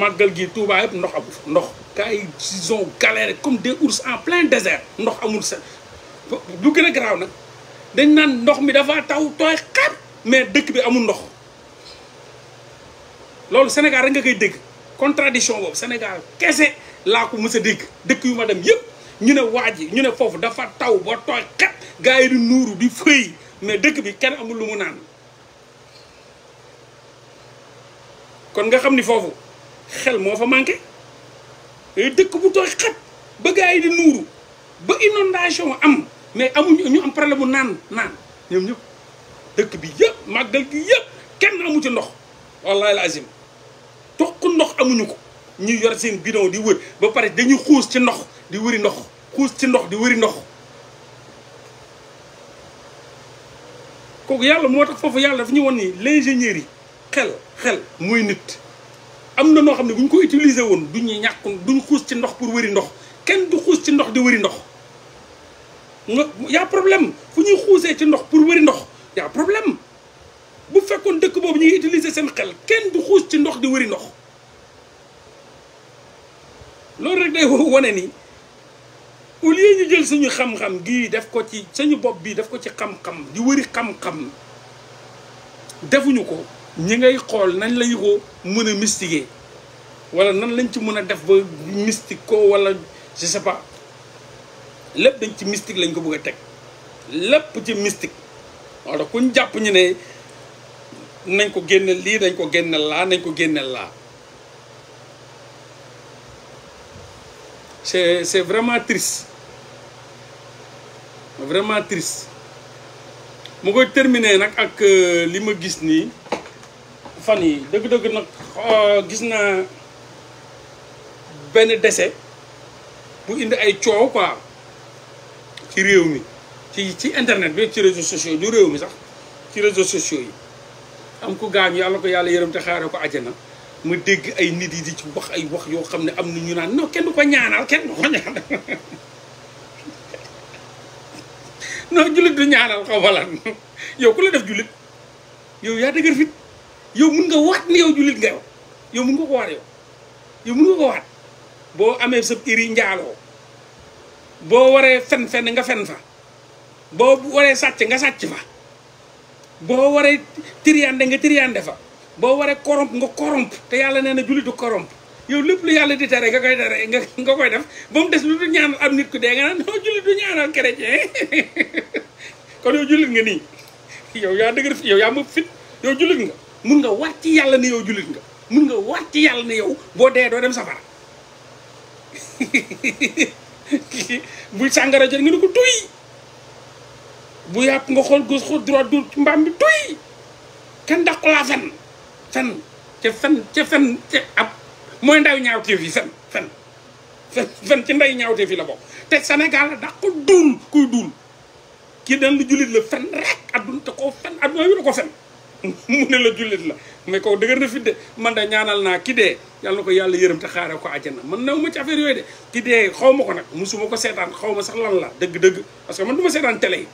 màggal gi Touba yëpp ndox amul ndox gars yi ils comme des ours en plein désert ndox amul sa lu gën a garaaw nag dañ naan ndox mi dafa taw tooy xar mais dëkk bi amul ndox loolu Sénégal rek nga koy dégg contradiction boobu Sénégal kese laa ko mës a dégg dëkk yu ma dem yëpp ñu ne waaj yi ñu ne foofu dafa taw ba tooy xat gars yi nuuru di fëy mais dëkk bi kenn amul lu mu naan kon nga xam ni foofu xel moo fa manqué dëkk bu tooy xat ba gars yi di nuuru ba inondation am mais amuñu ñu am problème mu naan naan ñoom ñëpp dëkk bi yëpp màggal gi yëpp kenn amu ci ndox wallahi lazim toq ndox amuñu ko ñu yor seen bidon di wër ba pare dañuy xuus ci ndox di wëri ndox xuus ci ndox di wëri ndox kooku yàlla moo tax foofu yàlla dafa ñu won ni l'ingénieur yi xel xel mooy nit am na noo xam ne bu ñu ko utiliser woon duñu ñàkk duñ xuus ci ndox pour wëri ndox kenn du xuus ci ndox di wëri ndox nga y'a problème fu ñuy xuusee ci ndox pour wëri ndox y'a problème bu fekkoon dëkk boobu ñu ngi utiliser seen xel kenn du xuus ci ndox di wëri ndox loolu rek day (laughs) wone ni au lieu ñu jël suñu xam-xam gii def ko ci suñu bopp bii def ko ci xam-xam di wëri xam-xam defuñu ko ñi ngay xool nañ lañu ko mën a mystiquer wala nan lañ ci mën a def ba mystique ko wala je sais pas lépp dañ ci mystique lañ ko bëgg a teg lépp ci mystique walla tax kuñ jàpp ñu ne nañ ko génne lii dañ ko génne laa nañ ko génne laa c'est c'est vraiment triste vraiment trice mu koy terminer nag ak euh, li ma gis nii fan yi dëgg-dëgg nag euh, gis naa benn décès bu indi ay coow quoi ci réew mi ci ci internet bi ci réseaux sociaux yi du réew mi sax ci réseaux sociaux yi am ko gaañ yàlla ko yàlla yërëm te xaare ko àjjana ma dégg ay nit yi di ci wax ay wax yoo xam ne am na ñu naan non kenn du ko ñaanal kenn du ko ñaanal (laughs) non jullit du ñaanal xaw ma yow ku la def jullit yow yaa dëgër fit yow mun nga waat ni yow jullit nga yow yow mun nga ko waat yow yow mun nga ko waat boo amee sa iri njaaloo bo waré fen fenn nga fen fa bo waré satch nga satch fa bo waré tiriande nga tiriande fa bo waré koromp nga koromp te yalla nee julit du koromp yow lepp lu yalla di tere nga koy tere nga koy def bam dess des lu du ñaan am nit ku dee nga no julit du ñaanal chrétien (laughs) kon yow julit nga ni yow ya deugur yow ya mu fit yow julit nga mën nga ci yow julit nga mën nga ci yow bo do dem safara (laughs) bu sàngara jël nga ne ko tuy bu yàpp nga xool gos xool droit dur ci mbaam bi tuy kenn dàqu laa fen fen ca fen ca fen ca ab mooy ndaw ñaawteef yi fen fen fen ci nday ñaawteef yi la bokk te Sénégal dàqu duul kuy duul kii daan la jullit la fen rek adduna te koo fen adduna yu la ko fen (laughs) mu ne la jullit la mais ko dëgër na fit de man da ñaanal na ki dee yalla na ko yàlla yërëm te xaare ko aljana man naw ma ci affaire yoy de ki dee xaw ma ko nag musuma ko seetaan xawma sax lan la deug deug parce que man duma ma seetaan télé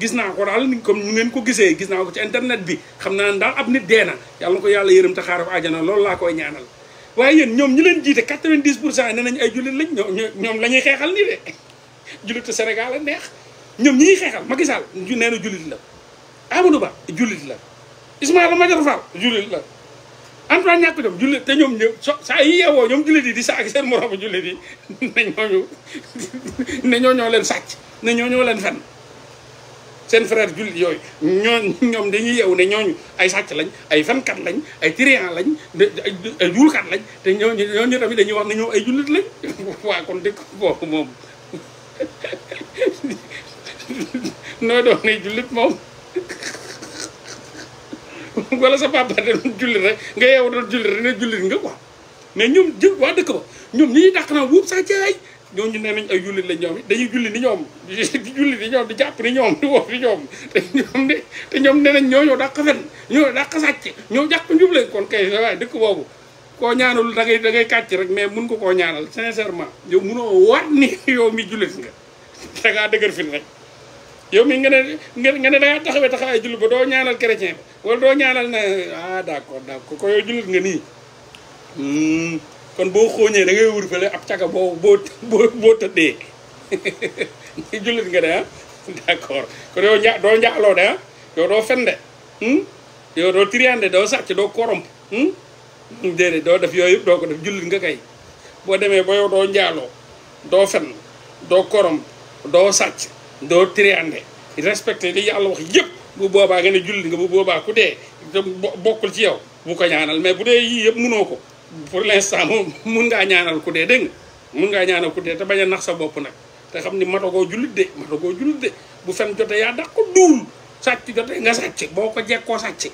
gis na ko dal ni comme nu ngeen ko gisee gis na ko ci internet bi xamna naa ab nit dee na yàlla na ko yàlla yërëm te xaare ko aljana lool la koy ñaanal waye yeen ñom ñi leen jité 90 pour nañ ay julit lañ ñom lañuy xéxal ni nii de (laughs) jullitu Sénégal a neex ñom ñi xéxal makissal ñu Sall julit la Amadou Ba julit la Ismaïla Madior Fall jullit la Antoine ñàkk jom jullit te ñoom ñëw so saa yi yeewoo ñoom jullit yi di saag seen moroomu jullit yi ne ñooñu ne ñoo ñoo leen sàcc ne ñoo ñoo leen fen seen frère jullit yooyu ñooñ ñoom dañuy yeewu ne ñooñu ay sàcc lañ ay fenkat lañ ay trian lañ ay juulkat lañ te ñooñu ñooñu tamit dañuy wax ne ñoom ay jullit lañ (laughs) waa kon dëkk boobu mom, (laughs) nooy doon ay jullit mom. (laughs) wala sa papa da doon julli rek nga yeewu doon julli rek ne jullit nga ko mais ñoom jël waa dëkk ba ñoom ñi ñuy dàq naa wuub saa jaay ñooñu nee nañ ay jullit la ñoom dañuy julli ni ñoom di (laughs) julli ni ñoom di jàpp ni ñoom di woof ni ñoom ñoom de te ñoom nee nañ ñoo ñoo dàq fen ñoo dàq sàcc ñoo jàpp njub leen kon kay dëkk boobu koo ñaanul da da ngay kàcc rek mais mun ko koo ñaanal sincèrement yow munoo waat ni (laughs) yow mi jullit nga dangaa dëgër fin rek yow mi nga ne nga ne da ngaa taxawee taxawaay jullit ba doo ñaanal chrétien ba wala doo ñaanal na ah d'accord d'accord ko yow jullit nga nii hmm, kon boo xooñee da ngay wër fële ab caga boo boo boo tëddee (laughs) jullit nga de ah d'accord kon yow nja doo njaaloo de ah yow doo fen de hmm? yow doo triande doo sàcc doo koromp hmm? déedéet doo def yooyu yëpp doo ko def jullit nga kay boo demee ba yow doo njaaloo doo fen doo koromp doo sàcc doo triande respecté li yàlla wax yëpp bu boobaa nga ne julli nga bu boobaa ku dee bokkul ci yow bu ko ñaanal mais bu dee yii yëpp munoo ko pour l'instant moom (laughs) mun ngaa ñaanal ku dee dégg nga mun ngaa ñaanal ku dee te bañ a nax sa bopp nag te xam ni matagoo jullit de matagoo jullit de bu fen jotee yaa daq ko duul sàcc jotee nga sàcc boo ko jekkoo sàcc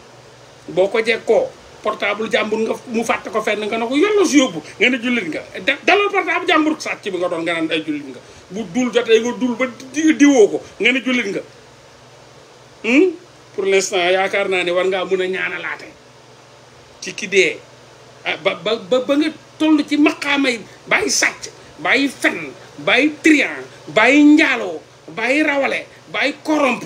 boo ko jekkoo portable jàmbur nga mu fàtte ko fenn nga ne ko yollo si yóbbu nga ne jullit nga dalal portable jàmbur sàcc bi nga doon nga naan ay jullit nga bu dul jotee nga dul ba diwoo ko nga ne jullit nga hmm? pour l'instant yaakaar naa ne war ngaa mun a ñaanalaate ci ki dee ah, ba ba ba nga toll ci maqaamay bàyyi sàcc bàyyi fen bàyyi trian bàyyi njaaloo bàyyi rawale bàyyi koromp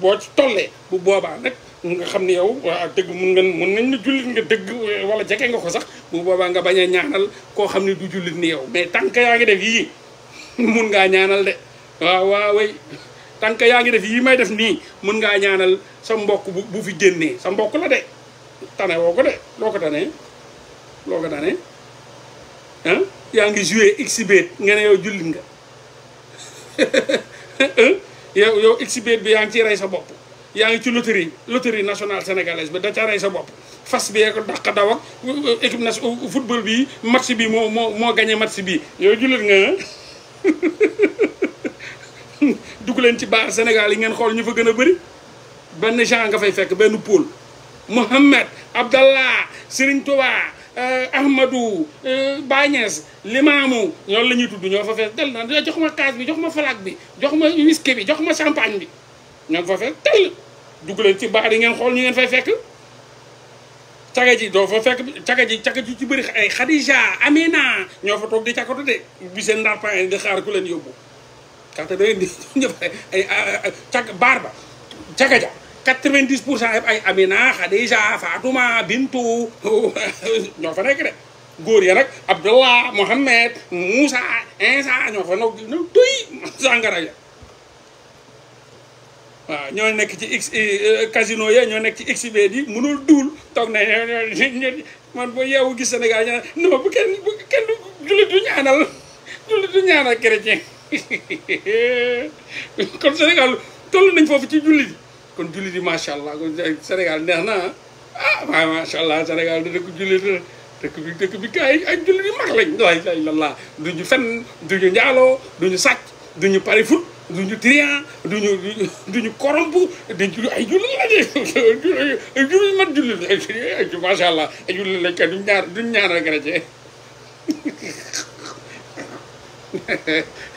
boo ci tollee bu boobaa nag nga xam ni yow waaw dëgg mun nga mun nañ la jullit nga ko sax bu boobaa nga bañ ñaanal koo xam ni du jullit ni yow mais tànk yaa ngi def yii (laughs) mun ngaa ñaanal de yaa ngi def yii may def nii mun ngaa ñaanal sa mbokk bu bu fi génnee sa mbokk la de tane woo ko de loo ko tane loo ko tane yaa ngi joué xibet nga ne yow jullit nga (laughs) yow yow bi yaa ngi ciy rey sa bopp yaa ngi ci loterie loterie nationale sénégalaise bi da ca sa bopp fas bi ko dàq daw ak équipe nationale football bi match bi moo moo moo gagné match bi yow jullit nga (laughs) dugg leen ci baar Sénégal yi ngeen xool ñu fa gën a bëri benn genre nga fay fekk benn pôle Mohamed Abdallah Serigne Touba euh, Ahmadou euh, Bañes Limaamu ñoo la ñuy tudd ñoo fa fees del naan jox ma kaas bi jox ma falaak bi jox ma whisky bi jox ma champagne bi ñoo fa fees tel dugg leen ci baar yi ngeen xool ñu ngeen fay fekk caga ji doo fa fekk caga ji ci bëri ay Khadija Amina ñoo fa toog di càkkatu de bi seen ndarpan yi di xaar ku leen yóbbu karte da ngeen di (laughs) ñëpp baar ba caga ja 90 pour cent yëpp ay Amina Khadija Fatuma Bintu (laughs) ñoo fa nekk de góor ya nag Abdullah Mohammed Moussa Insa ñoo fa nag no (laughs) sàngara ya waaw ñoo nekk ci x eh, eh, casino yee ñoo nekk ci xibet yi mënul duul toog na man boo yeewu gis Sénégal ñaan non bu kenn bu kenn jullit du ñaanal jullit du ñaanal chrétien (laughs) kon Sénégal toll nañ foofu ci jullit yi kon jullit yi macha allah kon Sénégal neex na ah waaw macha allah Sénégal da dëkk jullit la dëkk bi dëkk bi ay ay jullit yu mag lañ la ilaha illallah duñu fenn duñu njaaloo duñu sàcc duñu duñu triant duñu duñu corrompu dañ jul ay jullit lañu ay jullit man jullit ay macha allah ay jullit lañ kat duñ ñaar duñ ñaanal chrétien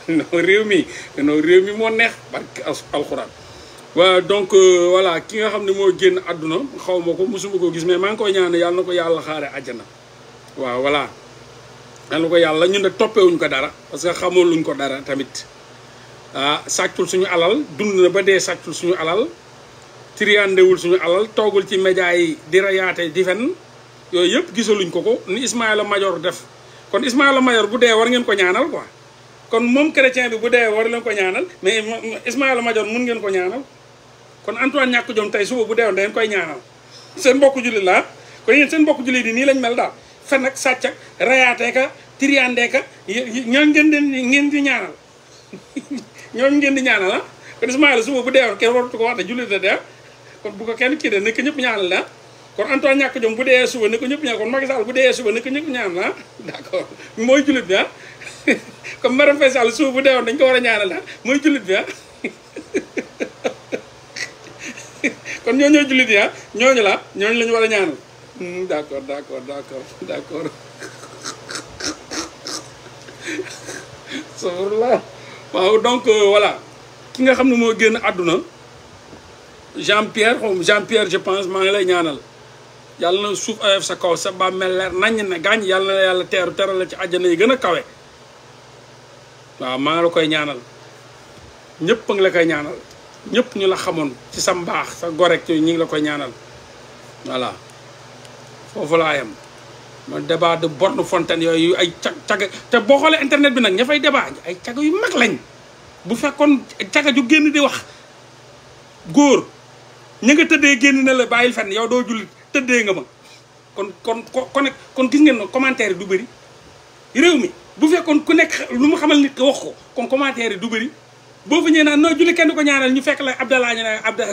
non réew mi non réew mi moo neex barke alxuraan waaw donc euh, voilà ki nga xam ne moo génn àdduna xaw ma ko mosuma ko gis mais maa ngi koy ñaan yàlla na ko yàlla xaare àjjana waaw voilà yàlla na ko yàlla ñun de toppewuñ ko dara parce que xamoon luñ ko dara tamit ah sàccul suñu alal dund na ba dee sàccul suñu alal triandewul suñu alal toogul ci média yi di rayaate di fen yooyu yëpp gisaluñ ko ko ni Ismaïla Madior def kon Ismaïla Madior bu dee war ngeen ko ñaanal kon moom chrétien bi bu dee war leen ko ñaanal mais Ismaïla Madior mun ngeen ko ñaanal kon Antoine ñàkk jom tey suba bu dee da ngeen koy ñaanal seen mbokku jullit laa kon yéen seen mbokku jullit yi nii lañ mel daal fen ak sàcc ak rayaateeka tiriyandeeka ñoo ngeen di ngeen di ñaanal (laughs) ñooñu ngeen di ñaanal ah kon Ismaïla suba bu deewoon kenn waratu ko wax te jullit la dee ah. kon bu ko kenn kii de ne ko ñëpp ñaanal la ah. kon Antoine ñàkk jom bu dee suba ne ko ñëpp ñaanal kon Macky Sall bu dee suba ne ko ñëpp ñaanal ah d'accord mooy jullit bi ah comme (laughs) Marème Faye Sall suba bu deewoon dañ ko war a ñaanal ah mooy jullit bi ah (laughs) kon ñoo ñoo jullit yi ah ñooñu la ñooñu la ñu war a ñaanal hmm, d'accord d'accord d'accord d'accord. Subhanallah (laughs) waaw donc euh, voilà ki nga xam ne moo génn àdduna Jean Pierre xaw Jean Pierre je pense maa ngi lay ñaanal yàlla na suuf oyof sa kaw sa bàmmeel leer naññ ne gaañ yàlla na yàlla teeru teral la ci àjjana yi gën a kawe waaw maa ngi la koy ñaanal ñëpp a ngi la koy ñaanal ñëpp ñu la xamoon ci sa mbaax sa gorek ñu ngi la koy ñaanal voilà foofu laa yem débat de borne fonten yooyu ay cag caga te boo xoolee internet bi nag ña fay débat ay caga yu mag lañ bu fekkoon caga ju génn di wax góor ña nga tëddee génn na la bàyyil fenn yow doo jullit tëddee nga ma kon kon kon kon gis ngeen ne commentaire du bëri réew mi bu fekkoon ku nekk lu mu xamal nit ko wax ko kon commentaire du bëri boo fa ñëwee naan noo julli kenn ko ñaanal ñu fekk la Abdallah ñu ne Abda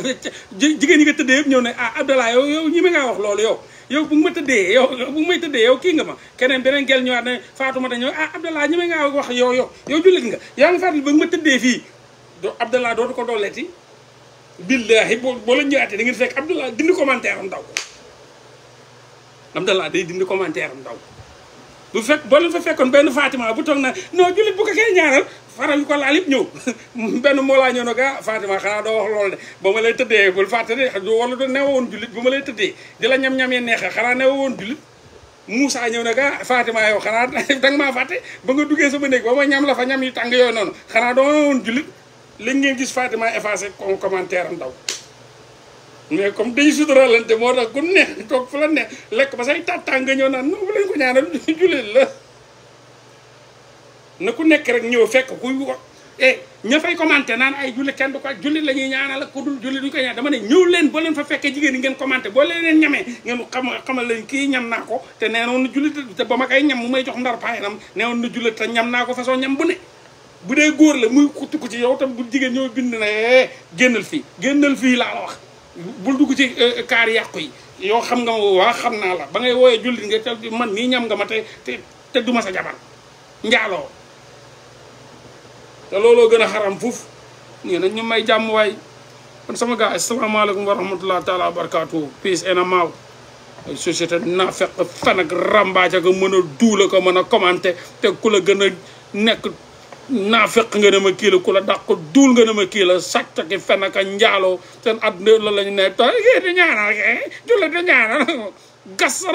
jigéen ñi nga tëddee yëpp ñëw ne ah Abdallah yow yow ñi mi ngaa wax loolu yow yow bu ma tëddee yow bu may tëddee yow kii nga ma keneen beneen gel ñëwaat ne Fatoumata ñëw ah Abdallah ñi mi ngaa wax yow yow yow jullit nga yaa ngi fàttali ba ma tëddee fii do doo dootu ko dooleeti billahi boo boo la ñëwaatee da ngeen fekk Abdallah dindi commentaire am daw ko Abdallah day dindi commentaire am daw bu fekk boo fa fekkoon benn Fatima bu toog na non jullit bu ko kenn ñaanal faram (laughs) ko la ah, lip ñëw ben mo la ñono ga Fatima xana do wax lol de ba ma lay tedde bu fàtte de wala do newa julit jullit ma lay tedde dila ñam ñam-ñamee neexa xanaa newa woon jullit Moussa na ah, ga Fatima yow xanaa (laughs) danga ma faté ba nga duggé sama neeg ba ma ñam la fa ñam yu tang yoy non xana do woon julit li ngeen gis Fatima effacer kon commentaire ndaw mais comme dañu suturalante mo tax ku neex tok fu la neex lek ba say tàttàng ñew na no bu leen ko ñaanal (laughs) julit la ne ku nekk rek ñëw fekk kuy wax eh ña fay commenté naan ay julli kenn du ko julli la ñuy ñaanal ak ku dul julli duñu ko ñaan dama ne ñëw leen boo leen fa fekkee jigéen ñi ngeen commenté boo leen ñamee ngeen xam xamal lañ kii ñam naa ko te nee na julli te ba ma koy ñam mu may jox ndar payanam nee woon na julli te ñam naa ko façon ñam bu ne bu dee góor la muy ku ci yow tam bu jigéen ñëw bind na eh, génnal fi génnal fii laa la wax bul dugg ci eh, kaar yàqu yi yoo xam nga waa xam naa la ba ngay wooyee julli nga te man nii ñam nga ma te te du ma sa jabar njaaloo te looloo gën a xaram fuuf nii nañ ñu may jàmm waay kon sama gars asalaamaaleykum wa rahmatulah taalaa barakaatu peace and maaw société naa fekk fen ko mën a duula ko mën a commenté te ku la gën a nekk naa nga ne ma kii la ku la dàq duul nga ne ma kii la sàcc ki fen ak njaaloo seen àdduna la lañu ne to yéen di ñaanal du la di ñaanal (laughs) gas